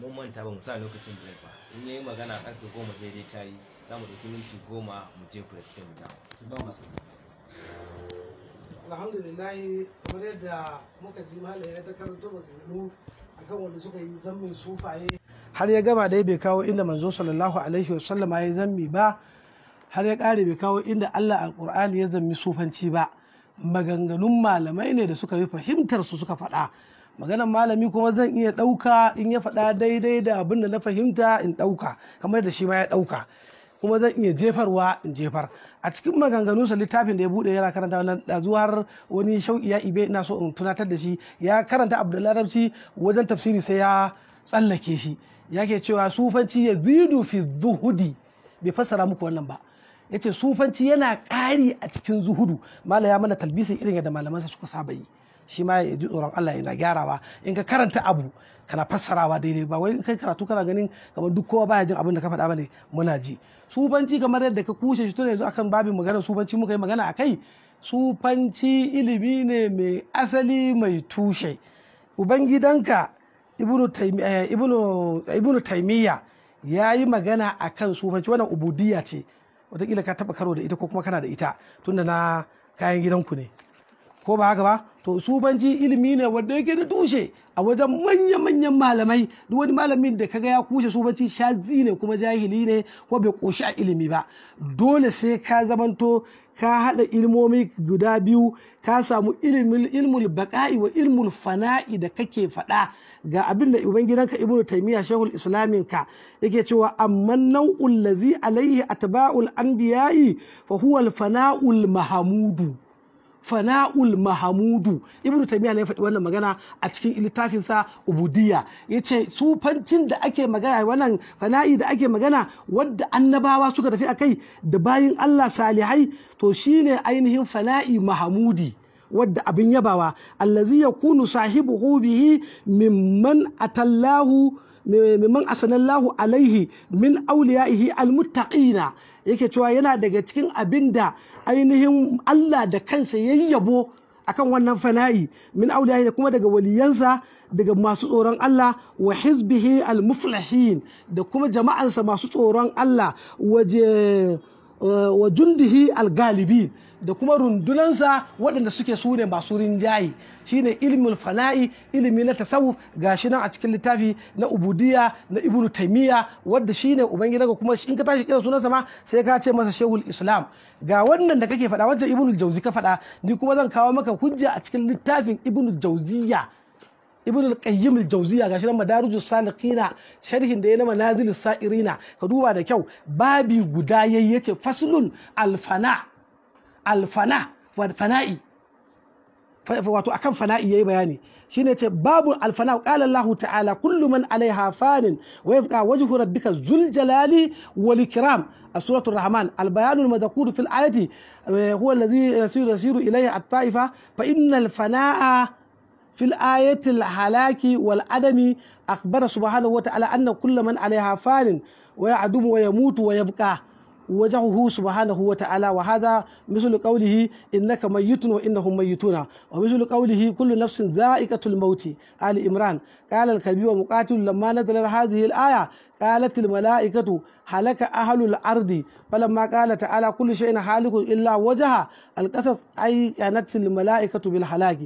mun manta ba mu sa lokacin break ba in yayi magana karfe goma daidai ta yi za mu ɗauki minti goma mu je break sai mu dawo alhamdulillah kamar yadda muka ji malam ya ta karanto maganganu akan wanda suka yi zammin sufaye har ya gama dai bai kawo inda manzo sallallahu alaihi wasallama ya yi zammi ba har ya kare bai kawo inda Allah Alƙur'ani ya zammi sufanci ba maganganun malamai ne da suka yi fahimtar su suka faɗa maganar malami kuma zan iya ɗauka in ya faɗa daidai da abin da na fahimta in ɗauka kamar da shi ma ya ɗauka kuma zan iya jefarwa in jefar a cikin maganganunsa sa littafin da ya bude yana karanta wannan zuwar wani shauki ya ibe ina so in tunatar da shi ya karanta abdullahi wajen tafsiri sai ya tsallake shi yake cewa sufanci ya zidu fi zuhudi bai fassara muku wannan ba yace sufanci yana ƙari a cikin zuhudu mala ya mana talbisin irin yadda malamansa suka saba yi shi ma ya ji tsoron Allah yana gyarawa in ka karanta abu kana fassarawa daidai ba wai kai karatu kana ganin kamar duk kowa baya jin abin da ka faɗa bane muna ji sufanci kamar yadda ka kushe shi tun yanzu akan babin magana sufanci muka yi magana akai sufanci ilimi ne mai asali mai tushe ubangidanka ibnu taimiyya eh, ya yi magana a kan sufanci wannan ubudiyya ce watakila ka taba karo da ita ko kuma kana da ita tunda na kayan gidanku ne ko ba haka ba to subanci ilimi ne wanda yake da tushe a wajen manya-manyan malamai duk wani malamin da kaga ya kushe subanci shazi ne kuma jahili ne ko bai koshi a ilimi ba dole sai ka zamanto ka haɗa ilmomi guda biyu ka samu ilimin ilmul baqa'i wa ilmul fana'i da kake faɗa ga abin da ubangidanka ibnu taymiya shehul islamin ka yake cewa amma nau'ul lazi alaihi atba'ul anbiya'i fa huwa al fana'ul mahamudu fana'ul mahamudu ibnu taymiya ne ya faɗi wannan magana a cikin littafin sa ubudiyya yace sufancin da ake magana wannan fana'i da ake magana wadda annabawa suka tafi a kai da bayin Allah salihai to shine ainihin fana'i mahamudi wadda abin yabawa allazi yakunu sahibu hubihi mimman atallahu mimman lahu alaihi min auliyaihi almuttaqina yake cewa yana daga cikin abin da ainihin Allah da kansa ya yayyabo akan wannan fana'i min auliyahi kuma daga waliyansa daga masu tsoron Allah wa hizbihi almuflihin da kuma jama'ansa masu tsoron Allah wa eh, jundihi algalibin da kuma rundunansa waɗanda suke su ne masu rinjaye shine ilmul fana'i ilimi na tasawuf shi nan a cikin littafi na ubudiya na ibnu taimiyya wadda shi ne ubangida ga kuma in ka tashi kira sunansa ma sai ka ce masa shehul islam ga wannan da kake faɗa wajen ibnu jauzi ka faɗa ni kuma zan kawo maka hujja a cikin littafin ibnu jauziya ibnu al-qayyim al-jawziya gashi nan madarijus salikina sharhin da ya na manazil sa'irina ka duba da kyau babi guda yayyace yace faslun al-fana الفناء والفناء فواتو أكم فناء يجيب يعني شين يتي باب الفناء قال الله تعالى كل من عليها فان ويبقى وجه ربك ذو الجلال والإكرام سورة الرحمن البيان المذكور في الآية آه، هو الذي يسير يسير إليه الطائفة فإن الفناء في الآية الهلاك والعدم أخبر سبحانه وتعالى أن كل من عليها فان ويعدم ويموت ويبقى وجهه سبحانه وتعالى وهذا مثل قوله إنك ميت وإنهم ميتون ومثل قوله كل نفس ذائقة الموت آل إمران قال الكبير ومقاتل لما نزلت هذه الآية قالت الملائكة هلك أهل الأرض فلما قال تعالى كل شيء هالك إلا وجهه القصص أي كانت الملائكة بالحلاك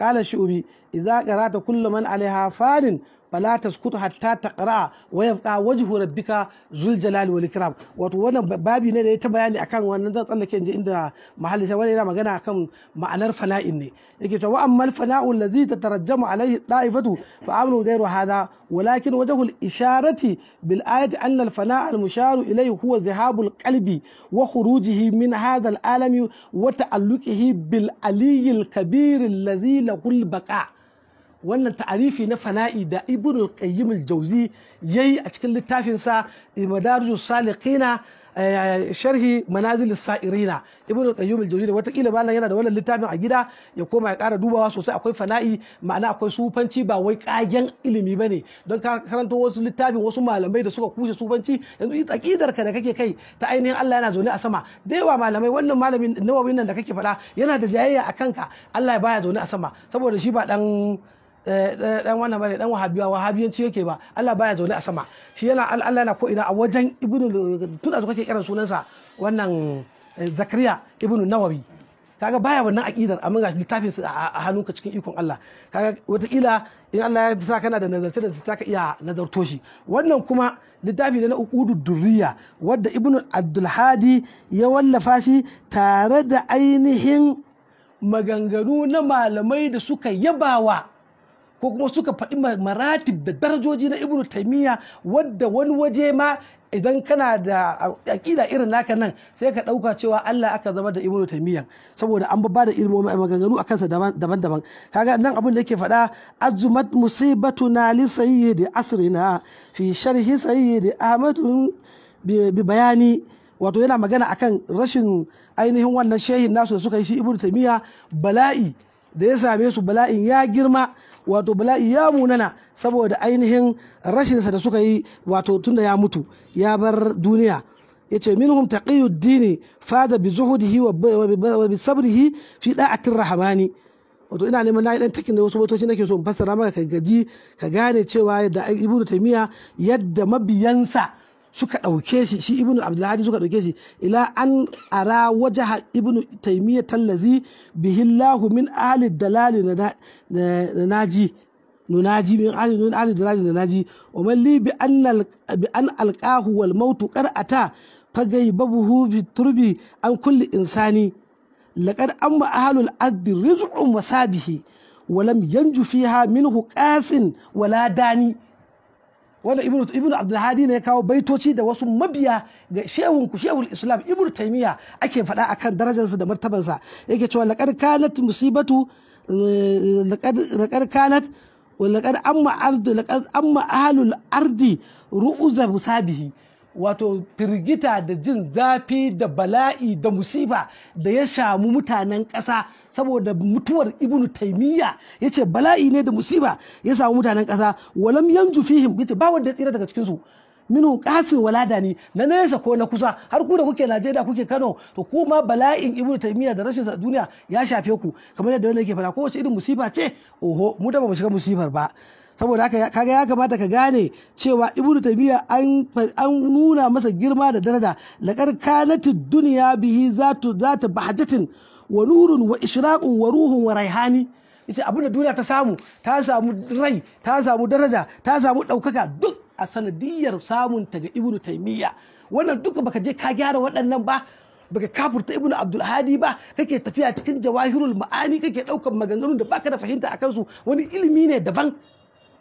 قال الشؤبي إذا قرأت كل من عليها فان fala taskutu hatta taqra wa yabqa wajhu rabbika zul jalali wal wato wannan babi ne da ya ta bayani akan wannan zan tsallake inji inda mahalli sai yana magana akan ma'anar fana'in ne yake to wa ammal fana'u allazi tatarajjamu alaihi da'ifatu fa amru ghayru hadha walakin wajhu al isharati bil ayati anna al fana'a al musharu ilayhi huwa zihabu al qalbi wa khurujihi min hadha al alami wa ta'alluqihi bil aliyil kabir allazi lahu al baqa' wannan ta'arifi na fana'i da Ibn qayyim al-jauzi yayi a cikin littafin sa imadarjus saliqina eh, sharhi manazil sa'irina ibnu qayyim al-jawzi wata kila malam yana da wannan littafin a gida ya koma ya ƙara dubawa sosai akwai fana'i ma'ana akwai sufanci ba wai kagen ilimi bane don ka karanto wasu littafin wasu malamai da suka kushe sufanci yanzu aqidar ka da kake kai ta ainihin Allah yana zaune a sama da yawa malamai wannan malamin nawawin nan da kake faɗa yana da jayayya akan ka Allah baya zaune a sama saboda shi ba dan Eh, eh, dan wannan bane dan wahabiya wahabiyanci yake ba Allah baya zaune a sama shi yana Allah yana ko ina a wajen ibnu tun da kake kiran sunansa wannan eh, zakariya ibnu nawawi kaga baya wannan aqidar amma ga littafin su a ka cikin ikon Allah kaga kila in Allah ya sa kana da nazarce da zaka iya nazarto shi wannan kuma littafi ne na uqudu durriya wadda ibnu abdul hadi ya wallafa shi tare da ainihin maganganu na malamai da suka yabawa ko kuma suka faɗi maratib da darajoji na ibnu taimiyya wadda wani waje ma idan kana da aƙida irin naka nan sai ka ɗauka cewa Allah aka zama da ibnu taimiyya saboda an ba da ilmomi a maganganu a kansa daban-daban kaga nan abin da yake faɗa azumat musibatuna li sayyidi asrina fi sharhi sayyidi ahmadu bi bayani wato yana magana akan rashin ainihin wannan shehin nasu da suka yi shi ibnu taimiyya bala'i da ya same su bala'in ya girma wato bala'i ya munana saboda ainihin rashinsa da suka yi wato tunda ya mutu ya bar duniya ya yace minhum dini fada bi zuhudihi wa bi sabrihi fi da'atir rahmani wato ina neman na dan takin da wasu motoci nake so in fassara maka ka gaji ka gane cewa da ibnu taymiya yadda mabiyansa suka ɗauke shi shi ibnu Abdullahi suka ɗauke shi ila an ara wajaha ibnu taimiyya tallazi bihillahu min ali dalali na naji nunaji min min dalali na naji wa man li bi an alqahu wal qar'ata fagai babuhu bi turbi an kulli insani laqad amma ahlul ardi rizqun wasabihi ولم ينج فيها منه قاس wanda ibn abdulhadi ne ya kawo baitoci da wasu mabiya ga shehun shehul islam ibnu taymiya ake faɗa akan darajarsa da martabarsa yake cewa laqad kanat musibatu eh, laqad kanat wa amma ardu laqad amma ahlul ardi ru'uza musabihi wato firgita da jin zafi da bala'i da musiba da ya shamu mutanen kasa saboda mutuwar ibnu taimiyya ya ce bala'i ne da musiba ya samu mutanen kasa walam yanju fihim ya ce ba wanda ya tsira daga cikinsu minu kasin walada ne na nesa ko na kusa har ku da kuke Najeriya kuke Kano to kuma bala'in Ibnu taimiyya da rashin duniya ya shafe ku kamar yadda wanda yake fara kowace irin musiba ce oho mu da ba mu shiga musibar ba saboda haka kaga ya kamata ka gane cewa ibnu taymiya an nuna masa girma da daraja laqad kanat dunya bihi zatu zatu bahjatin wa nurun wa ishraqun wa ruhun wa raihani yace da duniya ta samu ta samu rai ta samu daraja ta samu ɗaukaka duk a sanadiyar samun ta ga ibnu taymiya wannan duka baka je ka gyara waɗannan ba baka kafurta ibnu abdul hadi ba kake tafiya cikin jawahirul ma'ani kake ɗaukar maganganun da baka da fahimta akan su wani ilimi ne daban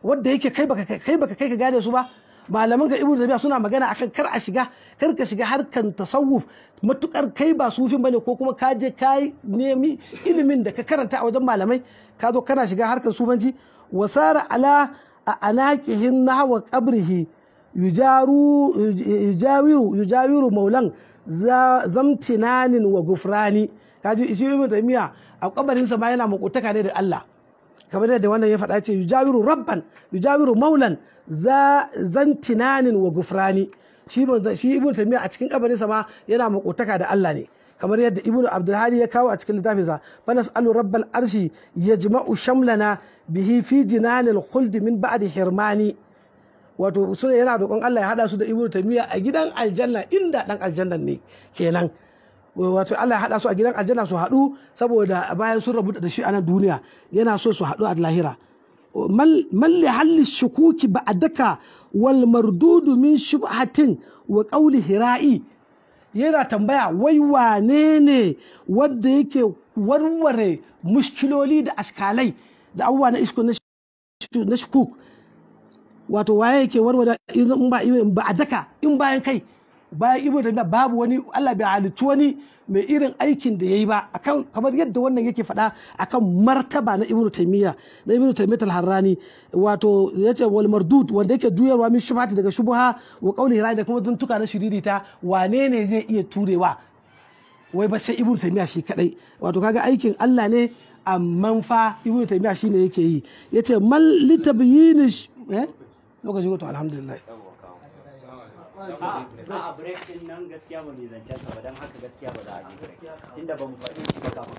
wanda yake kai baka kai baka kai ka gane su ba malaman ka ibnu rabi'a suna magana akan kar a shiga kar ka shiga harkan tasawuf matukar kai ba sufin bane ko kuma ka je ka nemi ilimin da ka karanta a wajen malamai ka zo kana shiga harkan sufanci wasara ala a alaqihin nahwa qabrihi yujaru yujawiru yujawiru maulan zamtinanin wa gufrani kaji shi ibnu taymiya a kabarin sa ma yana makotaka ne da Allah kamar yadda wannan ya faɗa ce yujawiru rabban yujawiru maulan za zantinanin wa gufrani shi shi ibnu a cikin kabarinsa ma yana makotaka da Allah ne kamar yadda ibnu abdulhadi ya kawo a cikin littafinsa fa nas'alu rabbal arshi yajma'u shamlana bihi fi jinanil khuld min ba'di hirmani wato sune yana roƙon Allah ya hada su da ibnu tamiya a gidan aljanna inda dan aljannan ne kenan wato Allah ya haɗa su a gidan aljanna su haɗu saboda bayan sun rabu da shi a nan duniya yana so su haɗu a lahira mal li halli shukuki ba'daka wal mardudu min shubhatin wa qawli hira'i yana tambaya wai wane ne wanda yake warware mushkiloli da askalai da abubuwa na isko na shukuk wato waye yake warware in ba a daka in bayan kai bayan ibn rabi'a babu wani Allah bai halicci wani mai irin aikin da yayi ba akan kamar yadda wannan yake faɗa akan martaba na ibn taymiya na ibn taymiyyah al-harrani wato yace wal mardud wanda yake juyarwa min shubhati daga shubha wa qawli ra'i da kuma tuntuka na shiririta wane ne zai iya turewa wai ba sai ibn taymiya shi kadai wato kaga aikin Allah ne amma fa ibn taymiya shine yake yi yace mal litabyinish eh lokaci to alhamdulillah a break din nan gaskiya ba mai zancen sa ba don haka gaskiya ba za a yi break tunda ba mu faɗi shi ba kafin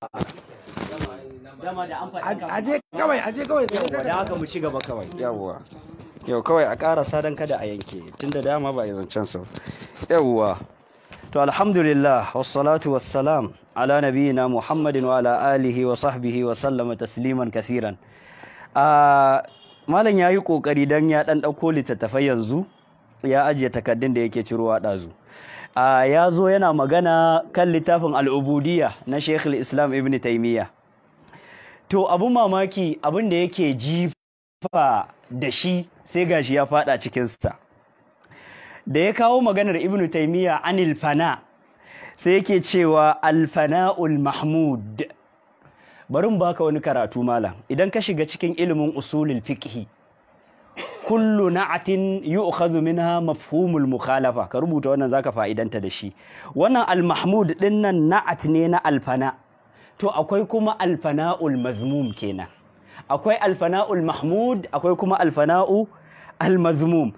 a dama da an faɗi aje kawai aje kawai yawa da haka mu ci gaba kawai yawa yau kawai a ƙarasa don kada a yanke tunda dama ba a zancen sa yawwa. to alhamdulillah wassalatu wassalam ala na muhammadin wa ala alihi wa sahbihi wa sallama tasliman kasiran ah, malam ya yi ƙoƙari don ya ɗan ɗauko littattafai yanzu ya ajiye takaddun da yake cirowa ɗazu ya zo yana magana kan littafin al'ubudiya na shekul islam ibn taimiyya to abun mamaki abin da yake jifa da shi sai gashi ya fada cikinsa da ya kawo maganar ibn taimiyya an ilfana sai yake cewa alfana'ul mahmud barin baka wani karatu malam idan ka shiga cikin ilimin usulul fikhi. kullu na'atin yu'khadhu minha mafhumul mukhalafa ka rubuta wannan zaka fa'idanta da shi wannan al-mahmud dinnan na'at ne na alfana to akwai kuma alfana'ul mazmum kenan akwai alfana'ul mahmud akwai kuma alfana'u al-mazmum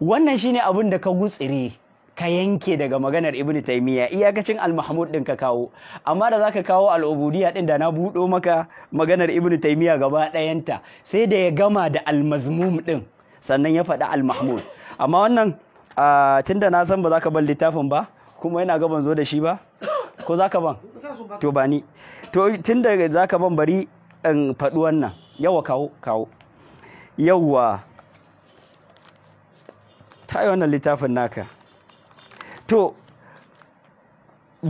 wannan shine abin da ka gutsire ka yanke daga maganar ibnu taimiyya iyakacin al-mahmud ɗin ka kawo amma da za ka kawo al'ubudiyya ɗin da na buɗo maka maganar ibnu taimiyya gaba ɗayanta sai da ya gama da al-mazmum ɗin. sannan ya faɗi al-mahmud amma wannan tun da na san ba za ka ban littafin ba kuma yana gaban zo da shi ba ko za ka ban to ba ni to tun da za ka ban bari in faɗi wannan yawa kawo kawo yawa ta yi wannan littafin naka to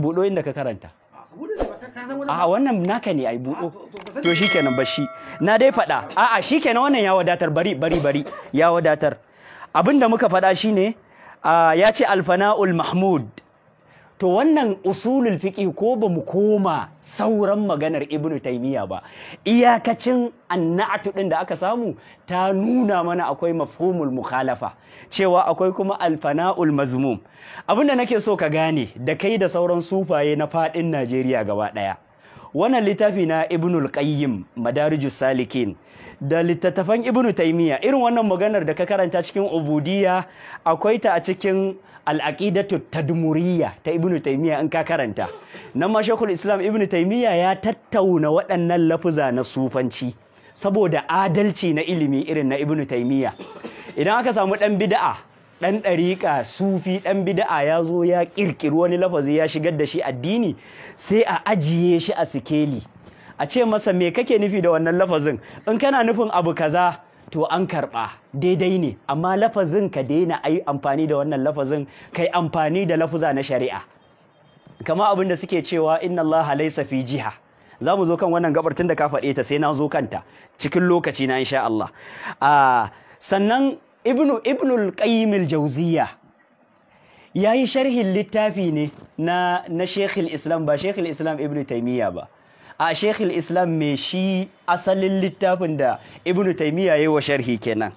buɗo inda ka karanta a wannan naka ne ai buɗo to shikenan ba shi na dai faɗa a'a shikenan wannan ya wadatar bari bari bari ya wadatar abinda muka faɗa shine ya ce alfana'ul mahmud to wannan usulul fiƙi ko ba mu koma sauran maganar ibnu taimiyya ba iyakacin annatu din da aka samu ta nuna mana akwai mafhumul mukhalafa cewa akwai kuma alfana'ul mazmum abin da nake so ka gane da kai da sauran sufaye na faɗin Najeriya gaba ɗaya, wannan littafi na ibnul qayyim madarijus salikin da littattafan ibnu taimiyya irin wannan maganar da ka karanta cikin ubudiyya akwai ta a cikin al'aqidatu tadmuriyya ta ibnu taymiya in ka karanta nan ma shekul islam ibnu taymiya ya tattauna waɗannan lafuza na sufanci saboda adalci na ilimi irin na ibnu taymiya idan aka samu ɗan bida'a ɗan ɗariƙa sufi ɗan bida'a ya zo ya ƙirƙiri wani lafazi ya shigar da shi addini sai a ajiye shi a sikeli a ce masa me kake nufi da wannan lafazin in kana nufin abu kaza to an karɓa daidai ne amma lafazin ka daina ai amfani da wannan lafazin kai amfani da lafuza na shari'a kama abin da suke cewa inna Allah laysa fi jiha za mu zo kan wannan gabar tun da ka faɗe ta sai na zo kanta cikin lokaci na insha Allah sannan ibnu ibnul qayyim al jawziya yayi sharhin littafi ne na na shaykhul islam ba shaykhul islam Ibn Taymiya ba a shekul islam mai shi asalin littafin da ibnu taimiyya ya yi wa sharhi kenan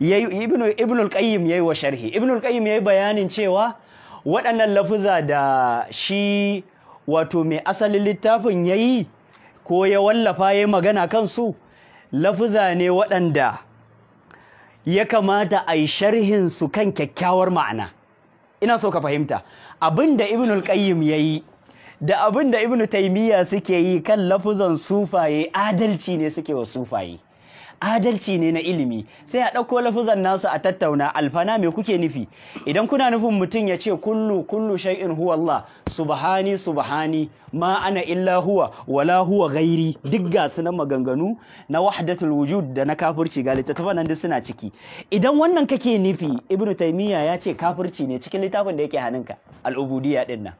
ibnu al-qayyim ya yi wa sharhi ibnu al ya yi bayanin cewa waɗannan lafuza da shi wato mai asalin littafin ya yi ko ya wallafa ya yi magana kansu lafuza ne waɗanda ya kamata a yi sharhinsu kan kyakkyawar ma'ana ina so ka fahimta abin da ibnul qayyim ya yi da abin da ibnu taimiyya suke yi kan lafuzan sufaye adalci ne suke wa sufaye adalci ne na ilimi sai a ɗauko lafuzan nasu a tattauna alfana me kuke nufi idan kuna nufin mutum ya ce kullu kullu shay'in huwa Allah subhani subhani ma ana illa huwa wala huwa gairi duk ga sunan maganganu na wahdatul wujud da na kafirci ga littattafan nan duk suna ciki idan wannan kake nufi ibnu taymiya ya ce kafirci ne cikin littafin da yake hannunka al-ubudiyya din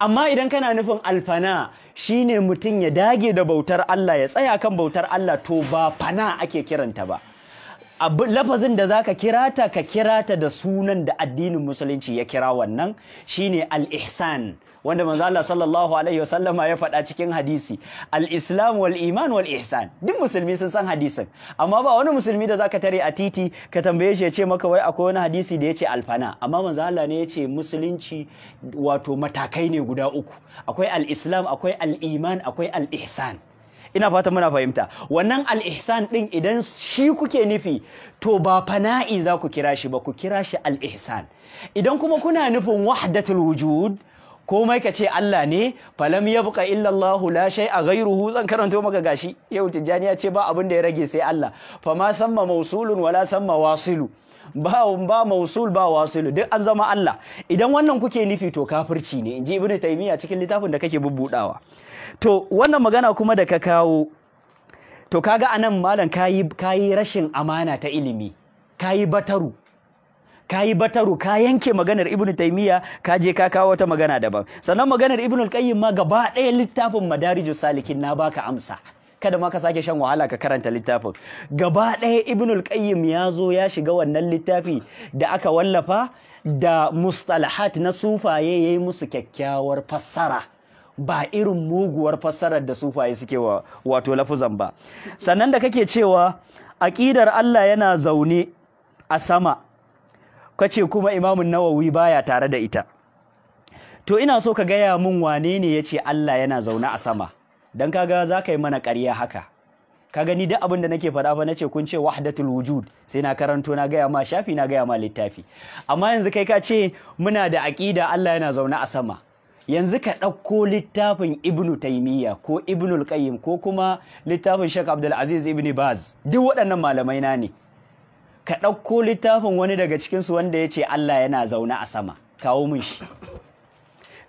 amma idan kana nufin alfana shine mutum ya dage da bautar Allah ya tsaya kan bautar Allah to ba fana ake kiranta ba lafazin da zaka kira ta ka kira ta da sunan da addinin musulunci ya kira wannan shine al-ihsan wanda manzo Allah sallallahu alaihi wasallama ya faɗa cikin hadisi al-islam wal iman wal ihsan duk musulmi sun san hadisin amma ba wani musulmi da zaka tare a titi ka tambaye shi ya ce maka wai akwai wani hadisi da yace alfana amma manzo Allah ne yace musulunci wato matakai ne guda uku akwai al-islam akwai al-iman akwai al-ihsan ina fata muna fahimta wannan al-ihsan din idan shi kuke nufi to ba fana'i za ku kira shi ba ku kira shi al-ihsan idan kuma kuna nufin wahdatul wujud komai ka ce Allah ne falam ya buka illallahu la a ghayruhu zan karanto maka gashi yau tijjani ya ce ba abin da ya rage sai Allah Fa ma samma mausulun wala samma wasilu ba ba mausul ba wasilu duk an zama Allah idan wannan kuke nufi to kafirci ne inji ibnu taymiya cikin littafin da kake bubbudawa to wannan magana kuma da ka kawo to kaga anan malam kayi kayi rashin amana ta ilimi kayi bataru ka yi bataru ka yanke maganar ibnu taimiyya ka je ka kawo wata magana daban sannan maganar ibnu qayyim ma gaba ɗaya littafin madarijus salikin na baka amsa kada ma ka sake shan wahala ka karanta littafin gaba ɗaya ibnu qayyim ya zo ya shiga wannan littafi da aka wallafa da mustalahat na sufaye ya yi musu kyakkyawar fassara ba irin muguwar fassarar da sufaye suke wa wato lafuzan ba sannan da kake cewa aƙidar Allah yana zaune a sama kace kuma imamun nawawi baya tare da ita to ina so ka gaya mun wane ne ya ce Allah yana zaune a sama don kaga za ka yi mana ƙarya haka ka gani duk abin da nake faɗa fa ce kun ce wahdatul wujud sai na karanto na gaya ma shafi na gaya ma littafi amma yanzu kai ka ce muna da aƙida Allah yana zaune a sama yanzu ka ɗauko littafin ibnu taimiyya ko ibnu qayyim ko kuma littafin shek abdul aziz ibn baz duk waɗannan malamai na ne ka ɗauko littafin wani daga cikinsu wanda ya ce Allah yana zaune a sama kawo min shi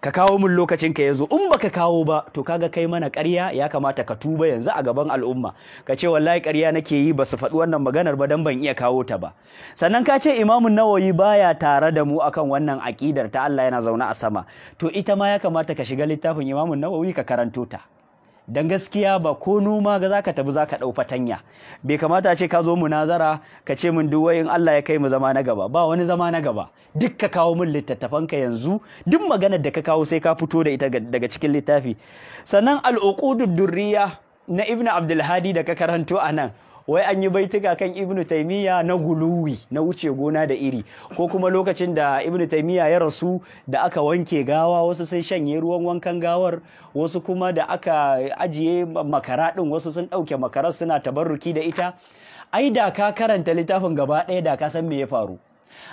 ka kawo min lokacin ka yazo in ba ka kawo ba to kaga kai mana ƙarya ya kamata ka tuba yanzu a gaban al'umma ka ce wallahi ƙarya nake yi ba su faɗi wannan maganar ba don ban iya kawo ta ba sannan ka ce imamun nawawi baya tare da mu akan wannan aƙidar ta Allah yana zaune a sama to ita ma ya kamata ka shiga littafin imamun nawawi ka karanto ta dan gaskiya ba ko noma ga zaka tafi zaka dau fatanya bai kamata a ce ka zo mu nazara ka ce min duk wayin Allah ya kai mu zama na gaba ba wani zama na gaba duk ka kawo min littattafan ka yanzu duk maganar da ka kawo sai ka fito da ita daga cikin littafi sannan al-uqudud durriya na ibnu abdul hadi da ka karanto anan wai an yi baituka kan ibnu taimiyya na guluwi na wuce gona da iri ko kuma lokacin da ibnu taimiyya ya rasu da aka wanke gawa wasu sun shanye ruwan wankan gawar wasu kuma da aka ajiye makara din wasu sun ɗauke makarar suna tabarruki da ita ai da ka karanta littafin gaba ɗaya da ka san me ya faru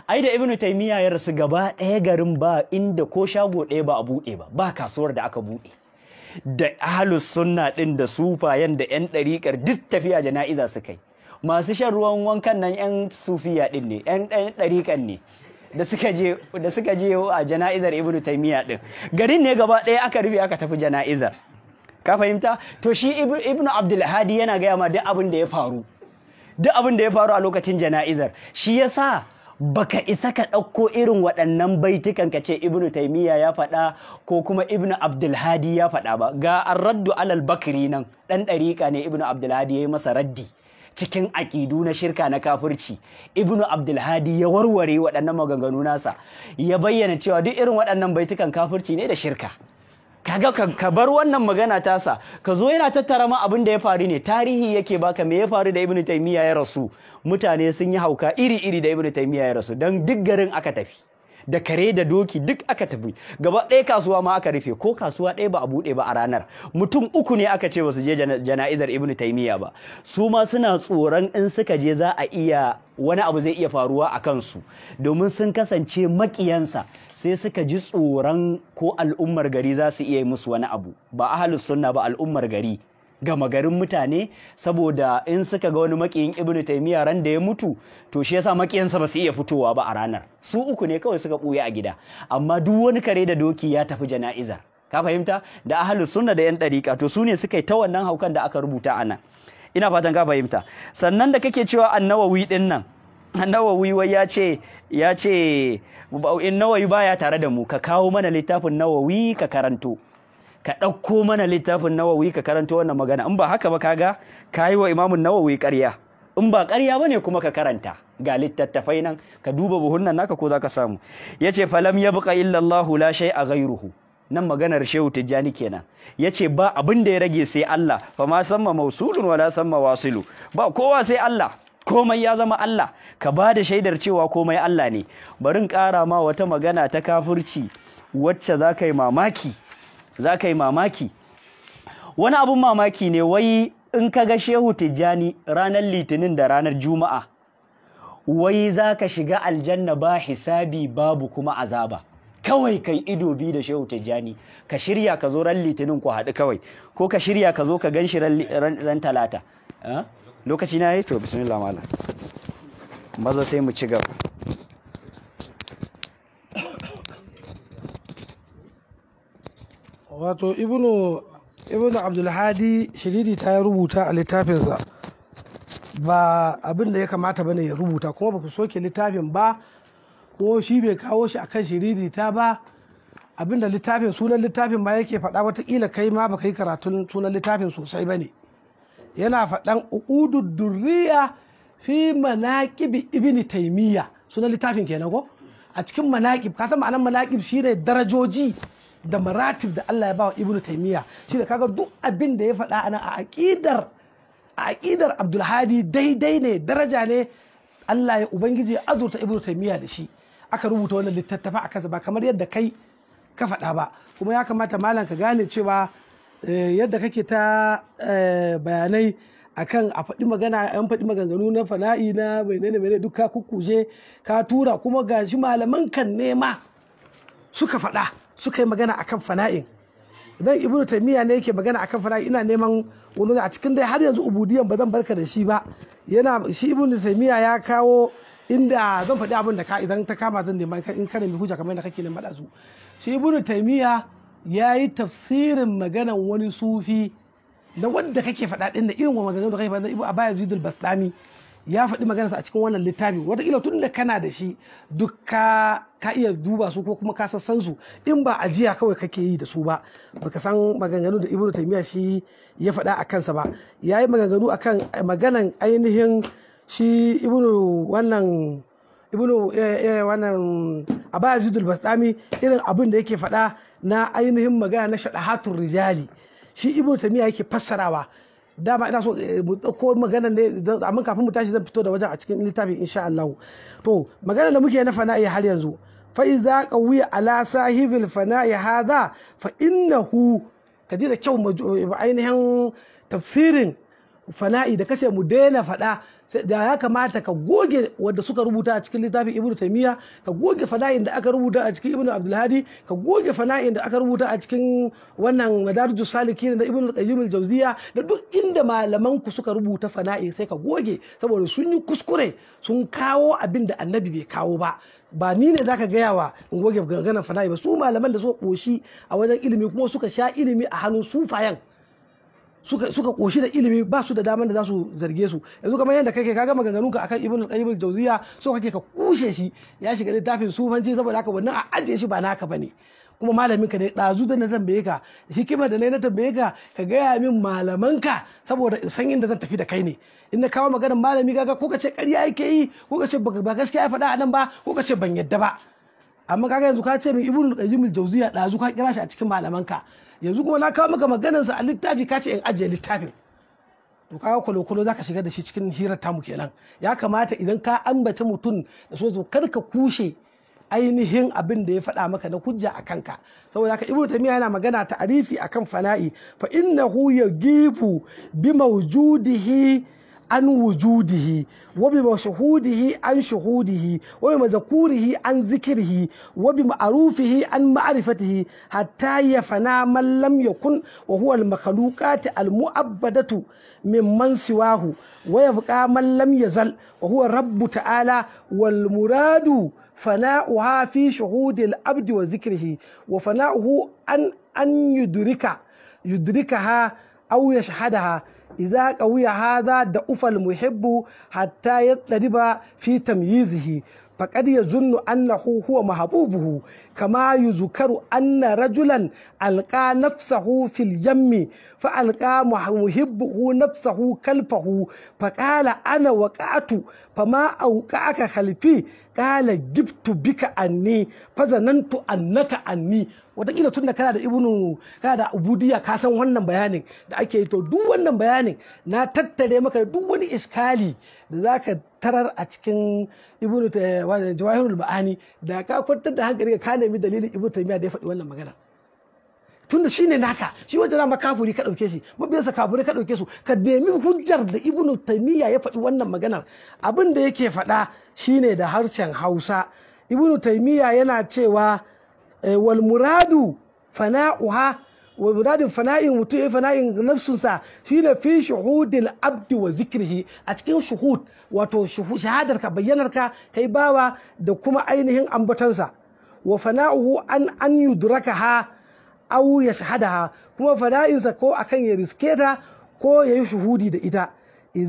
ai da ibnu taimiyya ya rasu gaba ɗaya garin ba inda ko shago ɗaya ba a buɗe ba ba kasuwar da aka buɗe da ahlus sunna ɗin da sufayen da yan ɗariƙar duk tafiya jana'iza suka yi masu shan ruwan wankan nan yan sufiya din ne yan ɗariƙar ne da suka je a jana'izar ibnu taimiyya ɗin. garin ne gaba ɗaya aka rufe aka tafi jana'izar ka fahimta to shi ibnu abdul yana gaya ma duk abin da ya faru duk abin da ya faru a lokacin jana'izar shi yasa baka isa ka ɗauko irin waɗannan baitukan ka ce ibnu taimiyya ya faɗa ko kuma ibnu abdulhadi ya faɗa ba ga an raddu alal bakri nan ɗan ɗariƙa ne ibnu abdulhadi ya yi masa raddi cikin aƙidu na shirka na kafirci ibnu abdulhadi ya warware waɗannan maganganu nasa ya bayyana cewa duk irin waɗannan baitukan kafirci ne da shirka kaga ka bar wannan magana tasa ka zo yana tattara ma abin da ya faru ne tarihi yake baka me ya faru da ibnu taymiya ya rasu mutane sun yi hauka iri iri da ibnu taymiya ya rasu dan duk garin aka tafi da kare da doki duk aka tafi gaba ɗaya kasuwa ma aka rufe ko kasuwa ɗaya ba a buɗe ba a ranar mutum uku ne aka ce ba su je jana'izar ibnu taimiyya ba su ma suna tsoron in suka je za a iya wani abu zai iya faruwa a kansu domin sun kasance maƙiyansa sai suka ji tsoron ko al'ummar gari za su iya musu wani abu ba ahalus sunna ba al'ummar gari gama garin mutane saboda in suka ga wani makiyin ibnu taimiyya ran da ya mutu to shi yasa makiyansa ba su iya fitowa ba a ranar su uku ne kawai suka buya a gida amma duk wani kare da doki ya tafi jana'izar ka fahimta da ahlu suna da yan ɗariƙa to su ne suka yi ta wannan haukan da aka rubuta a nan ina fatan ka fahimta sannan da kake cewa annawawi din nan annawawi wai ya ce ya ce in nawawi baya tare da mu ka kawo mana littafin nawawi ka karanto ka ɗauko mana littafin nawawi ka karanta wannan magana in ba haka ba kaga ka yi wa imamun nawawi ƙarya in ba ƙarya ba ne kuma ka karanta ga littattafai nan ka duba buhun naka ko za ka samu ya ce falam ya buƙa illallahu la shai a gairuhu nan maganar shehu tijjani kenan ya ce ba abin da ya rage sai Allah fa ma samma mausulun wala samma wasilu ba kowa sai Allah komai ya zama Allah ka ba da shaidar cewa komai Allah ne bari in ƙara ma wata magana ta kafurci. wacce za ka yi mamaki za ka yi mamaki wani abin mamaki ne wai in ka ga shehu tijjani ranar litinin da ranar juma'a wai za ka shiga aljanna ba hisabi babu kuma azaba kawai kai ido biyu da shehu tijjani ka shirya ka zo ran litinin ku haɗu kawai ko ka shirya ka zo ka gan shi ran talata eh? lokaci na yi to bismillah malam maza sai mu ci gaba wato ibnu ibnu abdulhadi shiridi ta rubuta a littafinsa ba abin da ya kamata bane ya rubuta kuma ba ku soke littafin ba ko shi bai kawo shi akan shiridi ta ba abin da littafin sunan littafin ma yake faɗa watakila kai ma ba yi karatun sunan littafin sosai ba ne yana faɗan uudud durriya fi manaƙibi ibini taimiyya sunan littafin kenan ko a cikin manaƙib ka san ma'anar manaƙib shine darajoji da maratib da Allah ya ba wa ibnu taimiyya shi da kaga duk abin da ya faɗa ana a aƙidar a aƙidar abdulhadi daidai ne daraja ne Allah ya ubangiji ya azurta ibnu taimiyya da shi aka rubuta wannan littattafa a kansa ba kamar yadda kai ka faɗa ba kuma ya kamata malam ka gane cewa eh, yadda kake ta eh, bayanai akan a faɗi magana an faɗi maganganu na fana'i na menene menene duk ka kukkuje ka tura kuma gashi malaman kan nema suka faɗa suka yi magana akan fana'in idan ibnu taymiya ne yake magana akan fana'in ina neman wani a cikin dai har yanzu ubudiyan ba zan barka da shi ba yana shi ibnu taymiya ya kawo inda zan faɗi abin da ka idan ta kama zan nema in ka nemi hujja kamar yadda kake neman su shi ibnu taymiya ya yi tafsirin maganan wani sufi na wanda kake faɗa ɗin da irin wa maganganu da kake faɗa ibnu zidul bastami ya faɗi maganarsa a cikin wannan littafi wataƙila tun da kana da shi duk ka iya duba su ko kuma ka sassan su in ba ajiya kawai kake yi da su ba baka san maganganu da ibnu taymiya shi ya faɗa a kansa ba Yayi yi maganganu akan maganan ainihin shi ibnu wannan ibnu eh, eh, wannan abayazidul basdami irin abin da yake faɗa na ainihin magana na shadahatul rijali shi ibnu taymiya yake fassarawa dama ina so eh, mu ɗauko magana ne amma kafin mu tashi zan fito da wajen a cikin littafi insha Allah to magana da muke na fana'i har yanzu fa iza qawiya ala sahibil fana'i hadha fa innahu kaji da kyau eh, ainihin tafsirin fana'i da kace mu daina fada da ya kamata ka goge wadda suka rubuta a cikin littafin ibnu taimiyya ka goge fana'in da aka rubuta a cikin ibn abdulhadi ka goge fana'in da aka rubuta a cikin wannan madarju salikin da ibn qayyim al-jawziya da duk inda malaman ku suka rubuta fana'i sai ka goge saboda sun yi kuskure sun kawo abin da annabi bai kawo ba ba ni ne zaka gaya wa in goge ganganan fana'i ba su malaman da suka koshi a wajen ilimi kuma suka sha ilimi a hannun sufayan suka koshi da ilimi ba su da damar da za su zarge su yanzu kamar yadda kake kaga maganganun ka akan ibnu qayyim al-jawziya so kake ka kushe shi ya shiga littafin sufanci saboda haka wannan a ajiye shi ba naka bane kuma malamin ka ne ɗazu da na tambaye ka hikimar da na na tambaye ka ka gaya min malaman ka saboda in san inda zan tafi da kai ne in na kawo maganar malami kaga ko ka ce ƙarya yake yi ko ka ce ba gaskiya ya faɗa a nan ba ko ka ce ban yadda ba amma kaga yanzu ka ce min ibnu qayyim al-jawziya ɗazu ka kira shi a cikin malaman ka yanzu kuma na kawo maka maganarsa a littafi ka ce in ajiye littafin to kaga kwalokwalo za ka shiga da shi cikin hirar tamu kenan ya kamata idan ka ambata mutum da so kar ka kushe ainihin abin da ya faɗa maka na hujja a kanka saboda haka ibnu tamiya yana magana ta arifi akan fana'i fa innahu yagifu bi mawjudihi عن وجوده وبمشهوده عن شهوده وبمذكوره عن ذكره وبمعروفه عن معرفته حتى يفنى من لم يكن وهو المخلوقات المؤبدة ممن سواه ويبقى من لم يزل وهو رب تعالى والمراد فناؤها في شهود الأبد وذكره وفناؤه أن أن يدرك يدركها أو يشهدها Iza ka wuya haza da ufal muhibbu hatta yadriba fi tamyizihi faqad yazunnu annahu huwa mahbubuhu kama yuzkaru anna rajulan alqa nafsahu fil yammi fa alqa muhibbuhu nafsahu kalfahu faqala ana waqa'tu fama awqa'aka khalfi qala gibtu bika anni fazanantu annaka anni watakila tun da kana da ibnu kana da ubudiya ka san wannan bayanin da ake yi to duk wannan bayanin na tattare maka duk wani iskali da zaka tarar a cikin ibnu jawahirul ma'ani da ka kwantar da hankali ka nemi dalilin ibnu taymiya da ya faɗi wannan magana tunda shi ne naka shi wajen zama kafuri ka ɗauke shi mabiyansa kafuri ka ɗauke su ka nemi hujjar da ibnu taymiya ya faɗi wannan maganar abin da yake faɗa shine da harshen hausa ibnu taymiya yana cewa Eh, Walmuradu fana'uha wa fana'in mutum ya fana'in nafsunsa shine fi shuhudil abdi wa zikirhi a cikin shuhud wato shahadar ka bayyanar ka kai bawa da kuma ainihin ambatansa wa fana'uhu an an ya shahada ha kuma fana'insa ko akan ya riske ta ko ya yi shuhudi da ita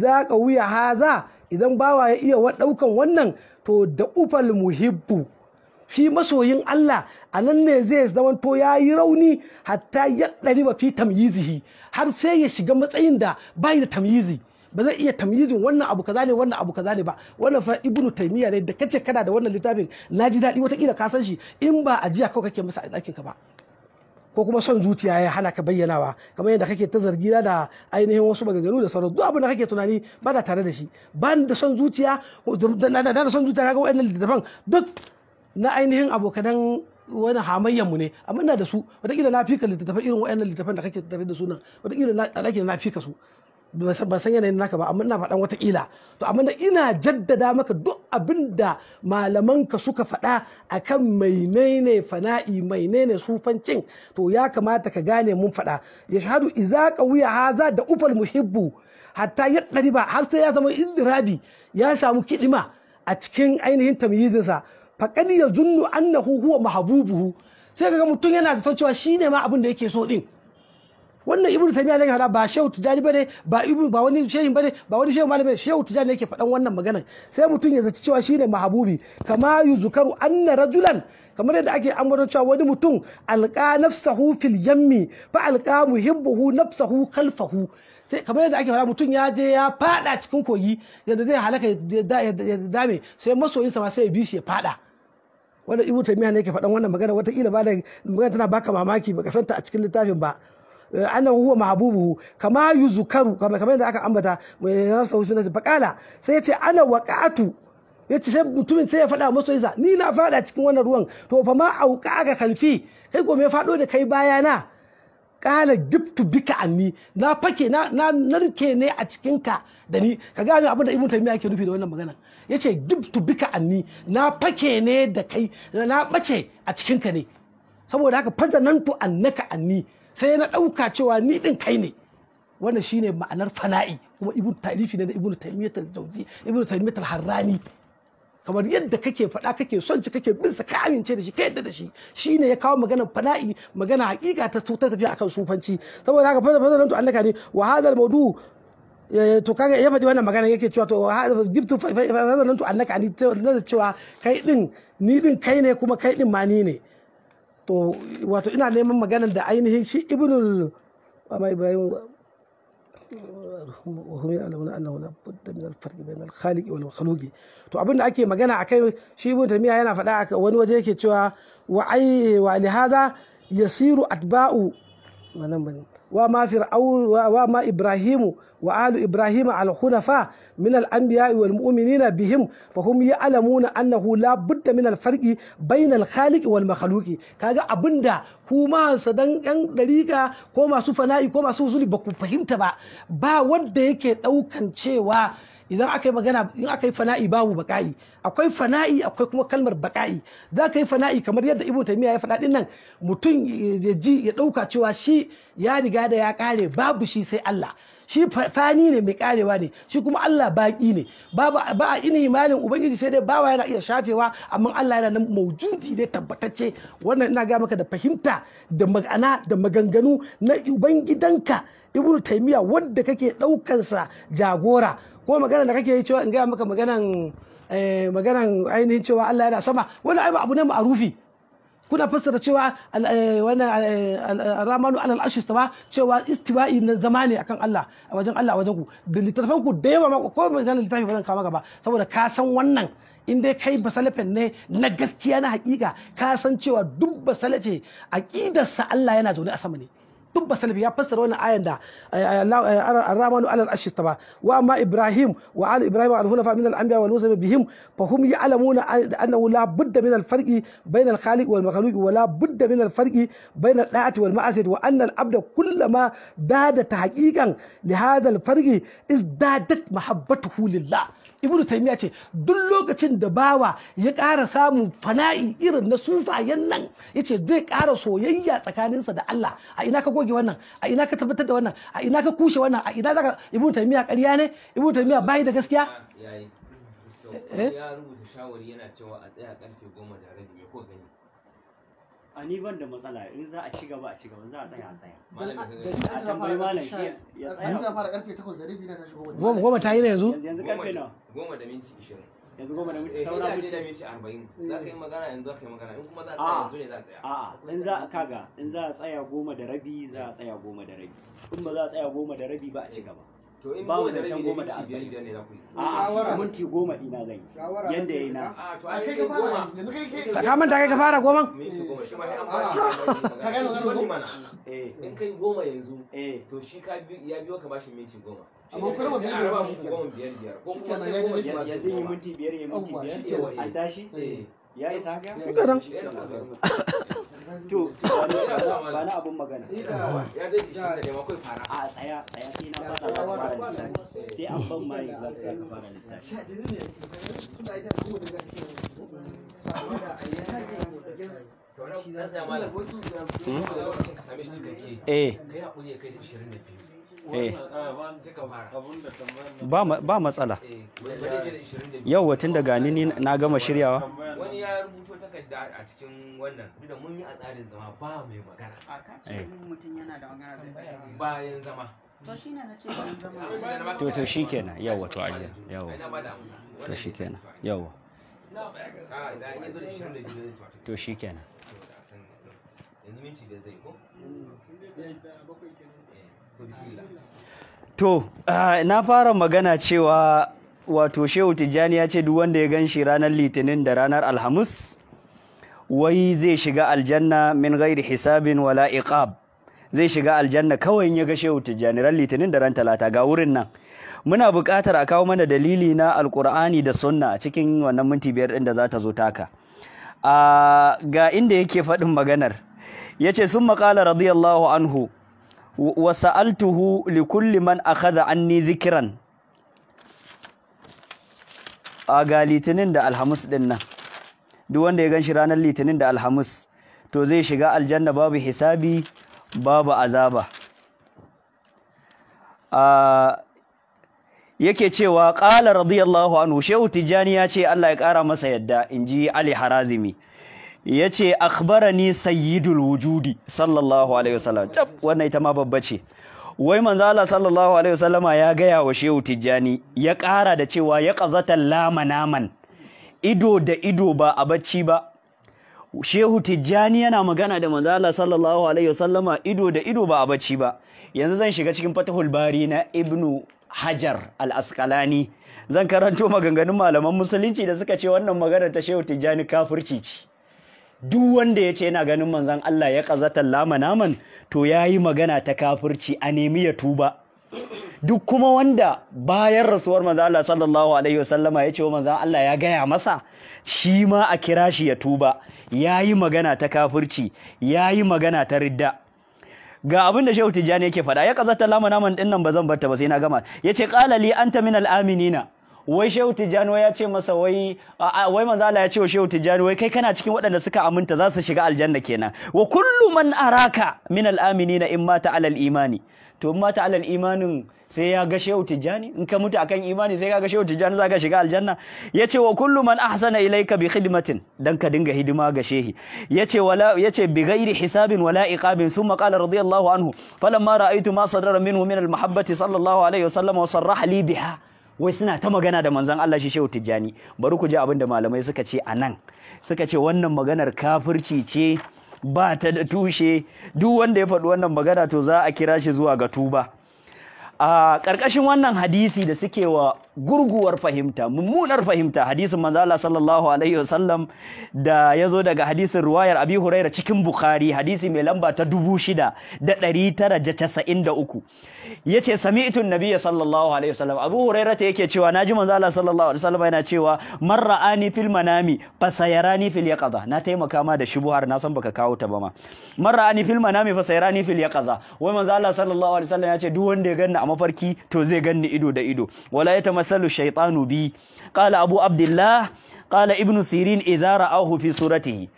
ka qawiya haza idan bawa ya iya ɗaukan wannan to da ufal muhibbu fi masoyin Allah a nan ne zai zamanto ya yi rauni hatta ya ɗari ba fi tamyizihi har sai ya shiga matsayin da bai da tamyizi ba zai iya tamyizin wannan abu kaza ne wannan abu kaza ne ba wannan fa ibnu taymiya ne da kace kana da wannan littafin na ji daɗi wataƙila ka san shi in ba jiya kawai kake masa a ɗakin ka ba ko kuma son zuciya ya hana ka bayyanawa kamar yadda kake ta zargi da ainihin wasu maganganu da sauran duk abin da kake tunani ba da tare da shi ba da son zuciya da son zuciya kaga wa'annan littafan duk na ainihin abokanan wani hamayyanmu ne amma ina da su wataƙila na fika littattafai irin waɗannan littattafan da kake tafi da su nan wataƙila na na fika su ban san yanayin naka ba amma ina faɗan wataƙila to amma da ina jaddada maka duk abin da malamanka suka faɗa akan mai fana'i mai sufancin to ya kamata ka gane mun faɗa ya shahadu iza wuya haza da ufal muhibbu hatta ya ɗari ba har sai ya zama indirabi ya samu kiɗima a cikin ainihin tamyizinsa faqad zunnu annahu huwa Mahabubuhu sai kaga mutum yana zaton cewa ne ma abin da yake so din wannan ibnu ta zan da ba shehu tijani bane ba ibnu ba wani shehin bane ba wani shehu malami shehu tijani yake faɗan wannan maganar sai mutum ya zaci cewa shi ne mahabubi kama yuzukaru anna rajulan kamar yadda ake ambaton cewa wani mutum alƙa nafsahu fil yammi fa alƙa muhibbuhu nafsahu khalfahu sai kamar yadda ake fara mutum ya je ya fada cikin kogi yadda zai halaka ya dame sai masoyinsa ma sai ya bi shi ya fada wanda ibu miya ne yake faɗan wannan magana wataƙila ba da magana tana baka mamaki baka santa a cikin littafin ba eh, ana huwa mahbubuhu kama yuzukaru kama kamar yadda aka ambata mai nasa wucin da bakala sai yace ana waqa'atu yace sai mutumin sai ya faɗa yasa ni na faɗa cikin wannan ruwan to fa ma auka aka kalfi kai gome ya faɗo da kai bayana kala giftu bika anni na fake na na narke ne a cikin ka da ni ka gane abin da ibnu taymiya yake nufi da wannan magana yace giftu bika anni na fake ne da kai na bace a cikin ka ne saboda haka fazanantu annaka anni sai na dauka cewa ni din kai ne wannan shine ma'anar fana'i kuma ibnu talifi ne da ibnu taymiya ta jawzi ibnu taymiya harrani kamar yadda kake faɗa kake son shi kake bin sa ka amince da shi ka yadda da shi shine ya kawo magana fana'i magana hakika ta tutar tafiya akan sufanci saboda haka fasa fasa nan to allaka ne wa hadal mawdu to kaga ya faɗi wannan magana yake cewa to gibtu fasa nan to allaka ni na cewa kai din ni din kai ne kuma kai din ma ni ne to wato ina neman maganar da ainihin shi ibnul amma ibrahim hum ya'lamuna annahu wal makhluq to abinda ake magana akai shi ibn tamiya yana faɗa aka wani waje yake cewa wa ai yasiru atba'u wa ma ibrahimu ibrahima al-hunafa min al-anbiya wal mu'minina bihim fa alamu na annahu la budda minar farki farqi khaliki al-khaliq wal makhluqi kaga abinda kuma sadan yan dariƙa ko masu fana'i ko masu usuli ba ku fahimta ba ba wanda yake daukan cewa idan aka yi in aka fana'i babu baka'i akwai fana'i akwai kuma kalmar baka'i za ka yi fana'i kamar yadda ibnu taymiya ya faɗa din nan mutum ya ji ya ɗauka cewa shi ya riga da ya kare babu shi sai Allah shi fani ne mai karewa ne shi kuma Allah baki ne ba a ina imanin ubangiji sai dai bawa yana iya shafewa amma Allah yana nan maujudi ne tabbatacce wannan ina ga maka da fahimta da magana da maganganu na ubangidanka ibnu taymiya wanda kake sa jagora ko magana da kake yi cewa in ga maka maganan eh, maganan ainihin cewa Allah yana sama wannan ai abu ne marufi kuna fassara cewa eh, eh, eh, ramanu alal arshi cewa istiwa'i na zama ne akan Allah a wajen Allah a wajen ku da littafan ku da yawa ma ko gane littafi ba zan kama gaba saboda ka san wannan in dai kai basalafin ne na gaskiya na hakika ka san cewa duk basalafe aqidarsa Allah yana zaune a sama ne duk basalbi ya fassara wannan ayan da eh, eh, eh, ar-rahmanu alal arshi taba wa amma ibrahim wa al ibrahim al hunafa min al anbiya wal musa bihim fa hum ya'lamuna annahu la budda min al farqi bayna al khaliq wal makhluq wa la budda min al farqi bayna al da'ati wal ma'asiyati wa anna al abda kullama dada tahqiqan li hadha al farqi izdadat mahabbatuhu lillah ibnu taimiya ce duk lokacin da bawa ya ƙara samun fana'i irin na sufayen nan yace zai ƙara soyayya tsakaninsa da Allah a ina ka goge wannan a ina ka tabbatar da wannan a ina ka kushe wannan a ina zaka ibnu taimiya ƙarya ne ibnu taimiya bai da gaskiya eh? ya rubuta shawari yana cewa a tsaya karfe goma da rabi ko gani a ni ban da matsala in za a ci gaba a ci gaba za a tsaya a tsaya a tambayi malam shi ya tsaya an fara karfe 8 da rabi na tashi goma goma ta yi ne yanzu yanzu karfe nawa goma da minti 20 yanzu goma da minti eh, saura minti da minti 40 za ka yi eh. magana yanzu za ka yi magana in kuma za a tsaya ah. yanzu ne za a tsaya a'a ah, ah. in za kaga in za a tsaya goma da rabi za a tsaya goma da rabi in ba za a tsaya goma da rabi ba a ci gaba to in goma da goma da arba'in a minti goma zan yi yanda yayi na a kai ka manta kai ka fara goma minti goma shi ma ya ah. fara ka gano gano goma eh, eh. in kai goma yanzu eh. to shi ka ya biyo ka bashi minti goma amma kuma ba biyar ba goma biyar biyar ko kuma goma yi minti biyar yi minti biyar tashi ya isa haka ya to ba na abun magana da fara a tsaya tsaya sai na fara ba fara lissafi sai an ban mai za ka ka fara lissafi Eh. Kai hakuri ya kai 22. Eh. Ah, ba matsala eh, yau watan da gani ni na gama shiryawa wani ya rubuto takarda a cikin wannan da mun yi a tsarin zama ba mai magana a kacin eh. mutum yana da magana bayan zama to to shi kenan yawa to ajiya yawa to shi kenan yawa to shi kenan yanzu minti da zai ko mm. To, ah, na fara magana cewa wato Shehu Tijjani ya ce duk wanda ya gan shi ranar Litinin da ranar Alhamis, wai zai shiga aljanna min gairi hisabin wala iqab. Zai shiga aljanna kawai ya ga Shehu Tijjani ran Litinin da ran Talata ga wurin nan. Muna buƙatar a kawo mana dalili na Alƙur'ani da Sunna cikin wannan minti biyar ɗin da za ta zo taka. Ah, ga inda yake faɗin maganar. Ya ce sun maƙala radiyallahu anhu wa sa'altuhu li kulli man akhadha anni dhikran aga litinin da alhamis din nan duk wanda ya ganshi ranar litinin da alhamis to zai shiga aljanna babu hisabi babu azaba a yake cewa qala radiyallahu anhu shehu tijani ya ce Allah ya kara masa yadda inji ali harazimi Ya ce akbara akhbarani sayyidul wujudi sallallahu alaihi wasallam tab wannan ita ma babba ce wai manzo Allah sallallahu alaihi wasallam ya gaya wa Shehu Tijjani ya ƙara da cewa ya qazata lama naman ido da ido ba a bacci ba Shehu Tijjani yana magana da manzo Allah sallallahu alaihi wasallam ido da ido ba a bacci ba yanzu zan shiga cikin Fathul Bari na Ibnu Hajar Al-Asqalani zan karanto maganganun malaman musulunci da suka ce wannan magana ta Shehu Tijjani kafirci ce duk wanda ya ce yana ganin manzan Allah ya ƙazata lama naman to ya yi magana ta kafirci a nemi ya tuba duk kuma wanda bayan rasuwar manzan Allah sallallahu alaihi wasallama ya ce wa manzan Allah ya gaya masa shi ma a kira shi ya tuba ya yi magana ta kafirci ya yi magana ta ridda ga abin da Shehu Tijjani yake faɗa ya ƙazata lama naman ɗin nan ba zan barta ba sai na gama yace qala li anta minal aminina wai shehu tijjani ya ce masa wai wai manzo ya ce wa shehu tijjani wai kai kana cikin waɗanda suka aminta za su shiga aljanna kenan wa kullu man araka min al-aminina in mata alal imani to in mata alal imanin sai ya ga shehu tijjani in ka mutu akan imani sai ka ga shehu tijjani za ka shiga aljanna ya ce wa kullu man ahsana ilayka bi khidmatin dan ka dinga hidima ga shehi ce wala yace bi ghairi hisabin wala iqabin thumma qala radiyallahu anhu falamma ra'aytu ma sadara minhu min al mahabbati sallallahu alaihi sallam wa sarraha li biha wai suna ta magana da manzon Allah shi Shehu Tijjani bari ku ji abin da malamai suka ce a nan suka ce wannan maganar kafirci ce ba ta da tushe duk wanda ya faɗi wannan magana to za a kira shi zuwa ga tuba a ƙarƙashin wannan hadisi da suke wa gurguwar fahimta mummunar fahimta hadisin manzo Allah sallallahu alaihi wasallam da yazo daga hadisin ruwayar Abi Hurairah cikin Bukhari hadisi mai lamba ta 6993 yace sami'tu an-nabiy sallallahu alaihi wasallam Abu Huraira ta yake cewa naji manzo Allah sallallahu alaihi wasallam yana cewa man ra'ani fil manami fasayarani fil yaqaza na taimaka ma da shubuhar na san baka kawo ta ba ma man ra'ani fil manami fasayarani fil yaqaza wai manzo Allah sallallahu alaihi wasallam yace duk wanda ya ganni a mafarki to zai ganni ido da ido wala yatamassalu shaytanu bi qala Abu Abdullah qala Ibn Sirin idza ra'ahu fi suratihi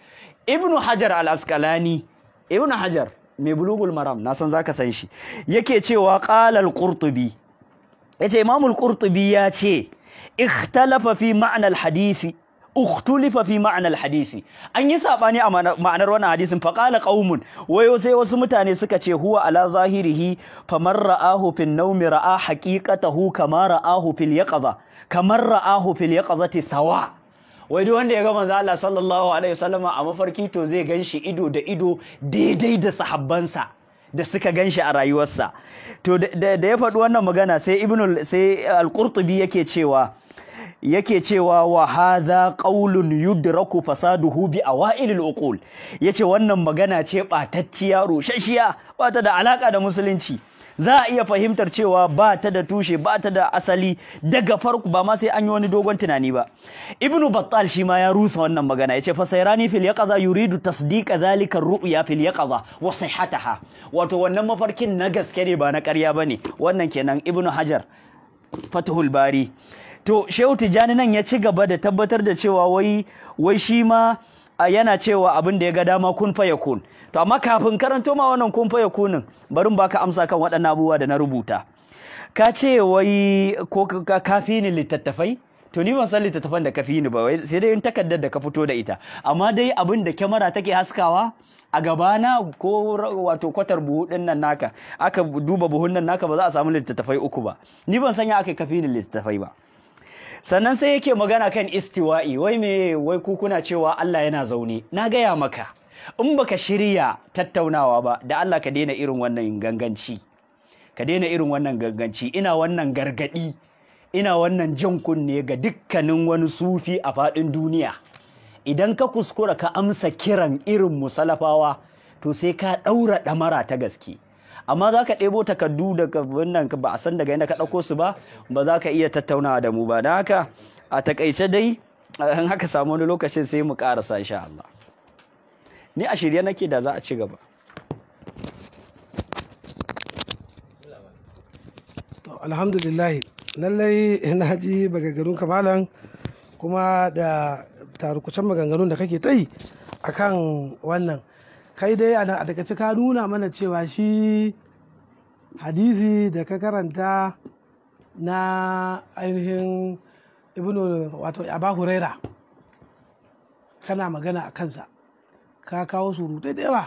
Ibn Hajar al-Asqalani Ibn Hajar mai bulugul maram na san zaka san shi yake cewa qala al-qurtubi yace imam al-qurtubi ya ce ikhtalafa fi ma'na al-hadisi ukhtulifa fi ma'na al-hadisi an yi sabani a ma'anar wannan hadisin fa qala qaumun wayo sai wasu mutane suka ce huwa ala zahirihi faman ra'ahu fi an-nawmi ra'a haqiqatahu kama ra'ahu fil yaqza kamar ra'ahu fil yaqzati sawa' wai duk wanda ya ga manzo Allah sallallahu alaihi wasallama a mafarki to zai ganshi ido da ido daidai da sahabbansa da suka ganshi a rayuwarsa to da ya faɗi wannan magana sai ibnu sai al-qurtubi yake cewa yake cewa wa hadha qaulun yudraku fasaduhu bi al uqul yace wannan magana ce batacciya rushashiya bata da alaka da musulunci za a iya fahimtar cewa ba ta da tushe ba ta da asali daga farko ba ma sai an yi wani dogon tunani ba ibnu battal shi ma ya rusa wannan magana yace fa sayrani fil yaqaza yuridu tasdiqa zalika ru'ya fil yaqaza wa sihhataha wato wannan mafarkin na gaske ne ba na ƙarya bane wannan kenan ibnu hajar fathul bari to shehu tijani nan ya ci gaba da tabbatar da cewa wai wai shi ma yana cewa abin da ya ga dama kun fa yakun to amma kafin karanto ma wannan kun faya kunin barin baka amsa kan waɗannan abubuwa da na rubuta ka ce wai ko ka kafi ni littattafai to ni ban san littattafan da kafi ni ba wai sai dai in da ka fito da ita amma dai abin da kyamara take haskawa a gabana ko wato kwatar buhu din nan naka aka duba buhun nan naka ba za a samu littattafai uku ba ni ban sanya aka kafi ni littattafai ba sannan sai yake magana kan istiwa'i wai me wai ku cewa Allah yana zaune na gaya maka in baka shirya tattaunawa ba da Allah ka daina irin wannan ganganci ka daina irin wannan ganganci ina wannan gargadi ina wannan jan kunne ga dukkanin wani sufi a faɗin duniya idan ka kuskura ka amsa kiran irin musalafawa to sai ka ɗaura ɗamara ta gaske amma za ka ɗebo takardu daga wannan ba a san daga na ka ɗauko su ba ba za ka iya tattaunawa da mu ba don haka a takaice dai in haka samu wani lokacin sai mu ƙarasa insha Allah ni a shirye nake da za a ci gaba alhamdulillah lallai na ji maganganun kamalan kuma da tarukucin maganganun da kake ta yi a kan wannan kai dai a daga ka nuna mana cewa shi hadisi da ka karanta na ainihin ibnu wato abu huraira kana magana a kansa ka kawo surutai da yawa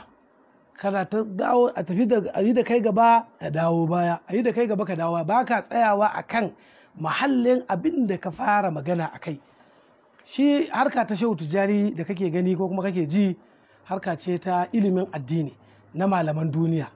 kana ta dawo a tafi da a yi da kai gaba ka dawo baya a yi da kai gaba ka dawo ba ka tsayawa akan mahallin abin da ka fara magana a kai shi harka ta shehu tujari da kake gani ko kuma kake ji harka ce ta ilimin addini na malaman duniya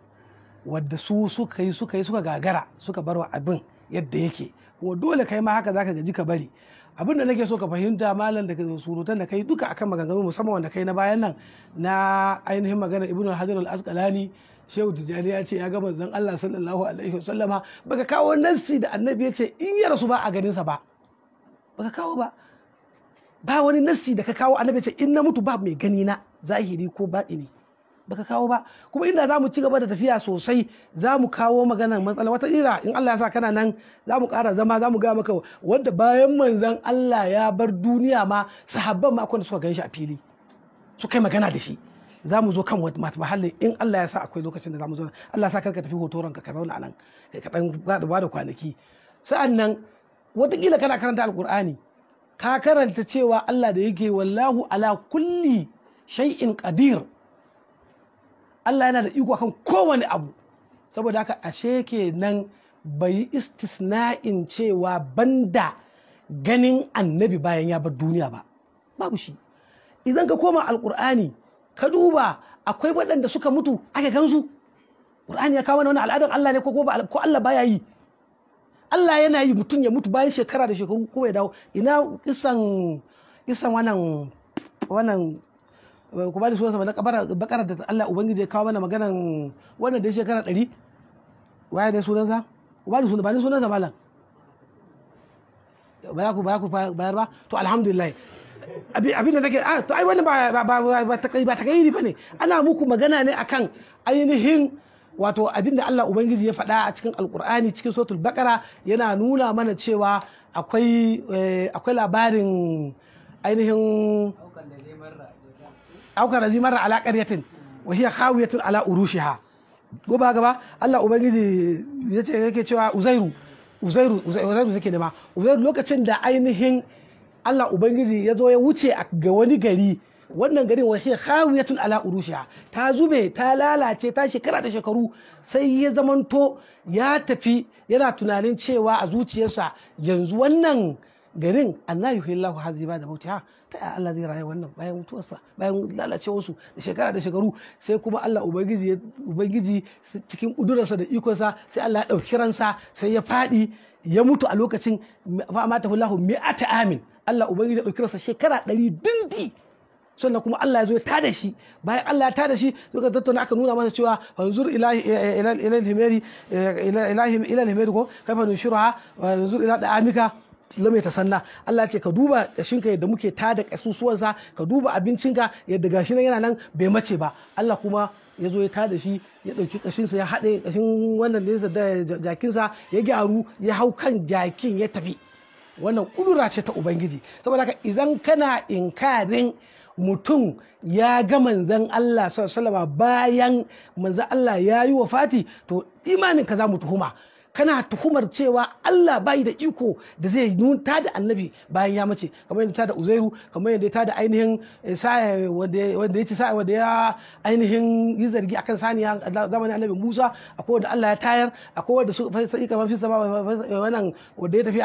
wadda su suka yi suka yi suka gagara suka bar wa abin yadda yake kuma dole kai ma haka zaka gaji ka bari abin da nake so ka fahimta malam da surutan da kai duka akan maganganu musamman wanda kai na bayan nan na ainihin magana ibnu hajar al-asqalani shehu tijjani ya ce ya ga manzon Allah sallallahu alaihi wasallama baka kawo nassi da annabi ya ce in ya rasu ba a ganin sa ba baka kawo ba ba wani nassi da ka kawo annabi ya ce in na mutu ba mai gani na zahiri ko ne. baka kawo ba kuma inda za mu ci gaba da tafiya sosai za mu kawo maganar matsala wata ira in Allah ya sa kana nan za mu ƙara zama za mu ga maka wanda bayan manzan Allah ya bar duniya ma sahabban ma akwai da suka ganshi a fili su kai magana da shi za mu zo kan mahallin in Allah ya sa akwai lokacin da za mu zo Allah ya sa karka tafi hotoron ranka ka zauna a nan kai ka dan ba da kwanaki sa'an nan watakila kana karanta alkur'ani ka karanta cewa Allah da yake wallahu ala kulli shay'in qadir Allah yana da iko akan kowane abu saboda haka ashe kenan bai yi istisna'in cewa banda ganin annabi bayan ya bar duniya ba babu shi idan ka koma alkur'ani ka duba akwai waɗanda suka mutu ake gansu ƙur'ani ya kawo wani al'adar Allah ne ko ko Allah baya yi Allah yana yi mutum ya mutu bayan shekara da shekaru kuma ya dawo ina kisan kisan wannan wannan ku ba da sunansa na bakar da Allah ubangiji ya kawo mana maganan wannan da shekara ɗari waye da sunansa ku ba da sunan ba ni sunansa malam ba za ku ba ku bayar ba to alhamdulillah abin da nake ah, to ai wannan ba ba ba ba takayyiri bane ana muku magana ne akan ainihin wato abin da Allah ubangiji ya faɗa a cikin alkur'ani cikin suratul bakara yana nuna mana cewa akwai eh, akwai labarin ainihin aukar da zimar ala qaryatin wa hiya khawiyatun ala urushiha gobe ba gaba Allah ubangiji ce yake cewa uzairu uzairu uzairu yake da ma uzairu lokacin da ainihin Allah ubangiji ya zo ya wuce ga wani gari wannan garin wa hiya khawiyatun ala urushiha ta zube ta lalace ta shekara da shekaru sai ya zamanto ya tafi yana tunanin cewa a zuciyarsa yanzu wannan garin annahu yuhillahu haziba da mautiha ta ya Allah zai rayu wannan bayan mutuwarsa bayan lalacewarsu da shekara da shekaru sai kuma Allah ubangiji ubangiji cikin udurarsa da ikonsa sai Allah ya dauki ransa sai ya faɗi ya mutu a lokacin fa mata hullahu mi'ata amin Allah ubangiji ya ɗauki ransa shekara ɗari dindi sannan kuma Allah ya zo ya tada shi bayan Allah ya tada shi ka tattauna aka nuna masa cewa fanzur ilahi eh, eh, ila ila eh, ila ila ila ila ila ila ila da Amika. ila lam ya sanna Allah ce ka duba kashinka yadda muke tada kasusuwansa ka duba abincinka yadda gashi nan yana nan bai mace ba Allah kuma ya zo ya tada shi ya ɗauki kashinsa ya haɗe kashin wannan da nesa da jakinsa ya gyaru ya hau kan jakin ya tafi wannan kudura ce ta ubangiji saboda haka idan kana inkarin mutum ya ga manzan Allah sallallahu alaihi bayan manzan Allah ya yi wa fati to imaninka za mu tuhuma kana tuhumar cewa Allah bai da iko da zai nunta da annabi bayan ya mace kamar yadda ta da uzairu kamar yadda ta da ainihin eh, sa'a eh, wanda ya ci sa'a wanda ya ainihin yi zargi akan saniya zamanin annabi Musa akwai wanda Allah ya tayar akwai wanda su sai kamar mafi sama eh, wannan wanda ya tafi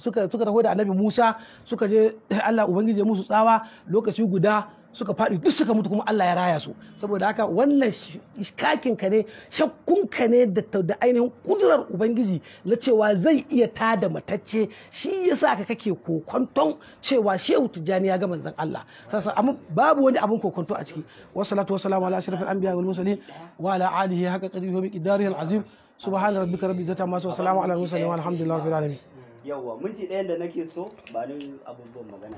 suka suka da annabi Musa suka je Allah ubangiji musu tsawa lokaci guda suka faɗi duk suka mutu kuma Allah ya raya su saboda haka wannan iskakin ka ne shakkun ka ne da ainihin kudurar ubangiji na cewa zai iya ta da matacce shi yasa ka kake kokonton cewa shehu tijjani ya ga manzon Allah sasa amma babu wani abun kokonto a ciki wa salamu ala ashrafil anbiya wal mursalin wa ala alihi haka qadri wa miqdarihi al azim subhana rabbika rabbil izzati amma yasifun wa salamun ala al mursalin walhamdulillahi rabbil alamin yawwa minti ɗayan da nake so ba ni abubuwan magana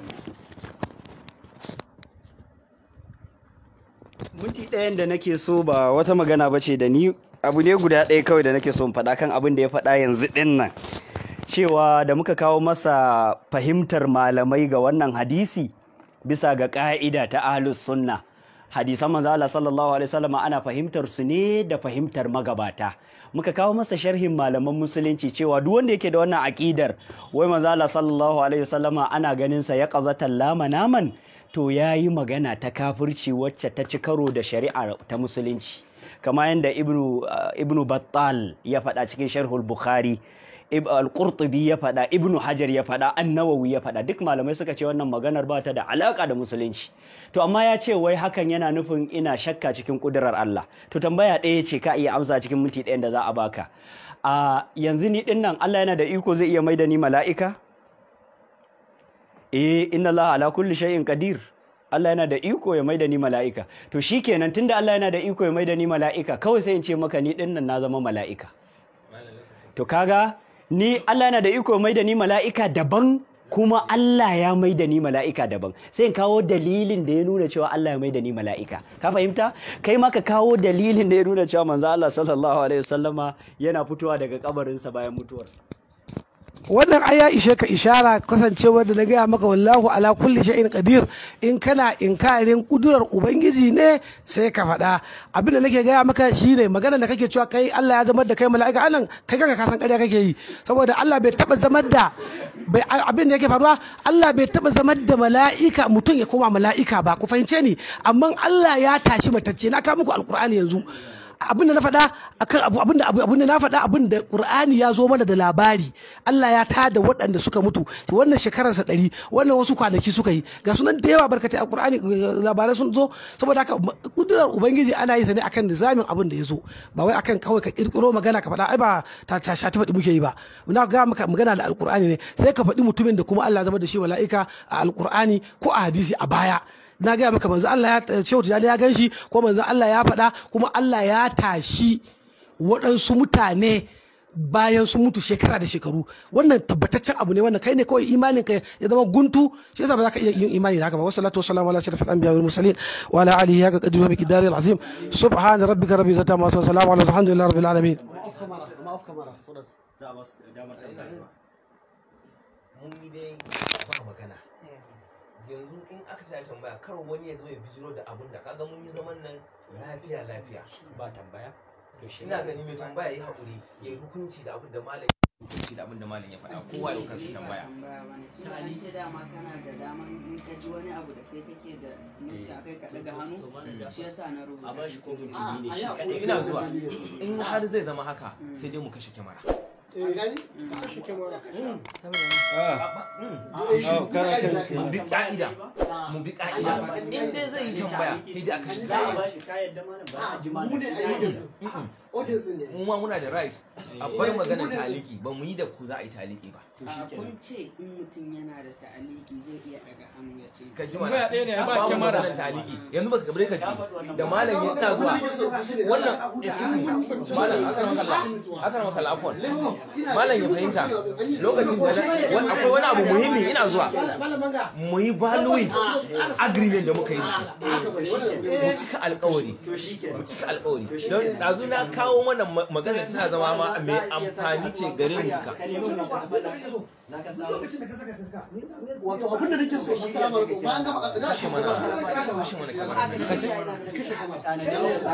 Minti ɗayan da nake so ba wata magana ba ce da ni abu ne guda ɗaya kawai da nake so in faɗa kan abin da ya faɗa yanzu ɗin nan. Cewa da muka kawo masa fahimtar malamai ga wannan hadisi bisa ga ƙa'ida ta ahlus sunna. hadisan manzo Allah sallallahu alaihi wasallam ana fahimtar su ne da fahimtar magabata muka kawo masa sharhin malaman musulunci cewa duk wanda yake da wannan aqidar wai manzo Allah sallallahu alaihi wasallam ana ganin sa ya qazata lama naman to ya yi magana ta kafirci wacce ta ci karo da shari'a ta musulunci kama yadda uh, ibnu battal ya faɗa cikin sharhul bukhari al-qurtubi ya faɗa ibnu hajar ya faɗa An-Nawawi ya faɗa duk malamai suka ce wannan maganar ba ta da alaka da musulunci to amma ya ce wai hakan yana nufin ina shakka cikin kudurar Allah to tambaya ɗaya ce ka iya amsa cikin minti ɗayan da za a baka a uh, yanzu ni ɗin nan Allah yana da iko zai iya maida ni mala'ika eh inna Allah ala kulli shay'in qadir Allah yana da iko ya maida ni mala'ika to shikenan tunda Allah yana da iko ya maida ni mala'ika kawai sai in ce maka ni dinnan na zama mala'ika to kaga ni Allah yana da iko ya maida ni mala'ika daban kuma Allah ya mai da ni mala'ika daban sai in kawo dalilin da ya nuna cewa Allah ya mai ni mala'ika ka fahimta kai ma ka kawo dalilin da ya nuna cewa manzo Allah sallallahu alaihi wasallama yana fitowa daga kabarinsa bayan mutuwarsa wannan aya ya ishe ka ishara kasancewar da na gaya maka wallahu ala kulli sha'in kadir in kana inkarin kudurar ubangiji ne sai ka faɗa abin da nake gaya maka shine magana da kake cewa kai Allah ya zama da kai mala'ika anan kai kanka ka san ƙarya kake yi saboda Allah bai taba zamar da abin da yake faruwa Allah bai taba zamar da mala'ika mutum ya koma mala'ika ba ku fahimce ni amma Allah ya tashi matacce na ka muku alkur'ani yanzu abin da na faɗa akan abu abin da abin na faɗa abin da Qur'ani ya zo mana da labari Allah ya tada waɗanda suka mutu wannan shekarar sa ɗari wannan wasu kwanaki suka yi ga sunan da yawa barkatai a Qur'ani eh, labarai sun zo saboda haka kudurar ubangiji ana yi sa ne akan nizamin abin da ya zo ba wai akan kawai ka kirkiro magana ka faɗa ai ba ta ta shati faɗi muke yi ba na ga maka magana da alkur'ani ne sai ka faɗi mutumin da kuma Allah zama da shi mala'ika a alkur'ani ko a hadisi a baya na gaya maka manzo Allah ya shehu tijani ya gan shi ko manzo Allah ya faɗa kuma Allah ya tashi waɗansu mutane bayan sun mutu shekara da shekaru wannan tabbataccen abu ne wannan kai ne kawai imanin ka ya zama guntu shi yasa ba za ka iya yin imani da haka ba wassalatu wassalamu ala ashrafil anbiya wal mursalin wa ala alihi haka qadru bi qidari al azim subhana rabbika rabbil izzati amma yasifun salamun ala alhamdulillahi rabbil alamin yanzu ta a tambaya kar wani ya zo ya bijiro da abun da kaga mun yi zaman nan lafiya lafiya ba tambaya to shi ina gani mai tambaya ya hakuri yayi hukunci da abun da malam hukunci da abun da malam ya faɗa kowa ya eh, kansu tambaya ta ni ce dama kana da dama in ka ji wani abu da kai kake da nukta kai ka daga hannu shi yasa na rubuta a bashi shi ko ne shi kadai ina zuwa in har zai zama haka hmm. sai dai mu kashe kyamara Eh, ah. ah, eh, mu bi ka'ida mu bi ka'ida in dai zai yi tambaya sai dai aka shi za a ba shi ka yadda mana ba a ji ah, mu ma muna da right a eh. bar magana taliki ba mu yi da ku za a yi taliki ba kun ce in mutum yana da taliki zai iya daga hannu ya ce ka ji mana ɗaya ne ba ke mara taliki yanzu baka gabre ka ji da malam ya ta zuwa wannan malam akan makalla akan makalla afwan malam ya fahimta lokacin da akwai wani abu muhimmi ina zuwa mu yi valuing agreement da muka yi mu cika alƙawari mu cika alƙawari don ɗazu na kawo mana magana tana zama ma mai amfani ce gare mu duka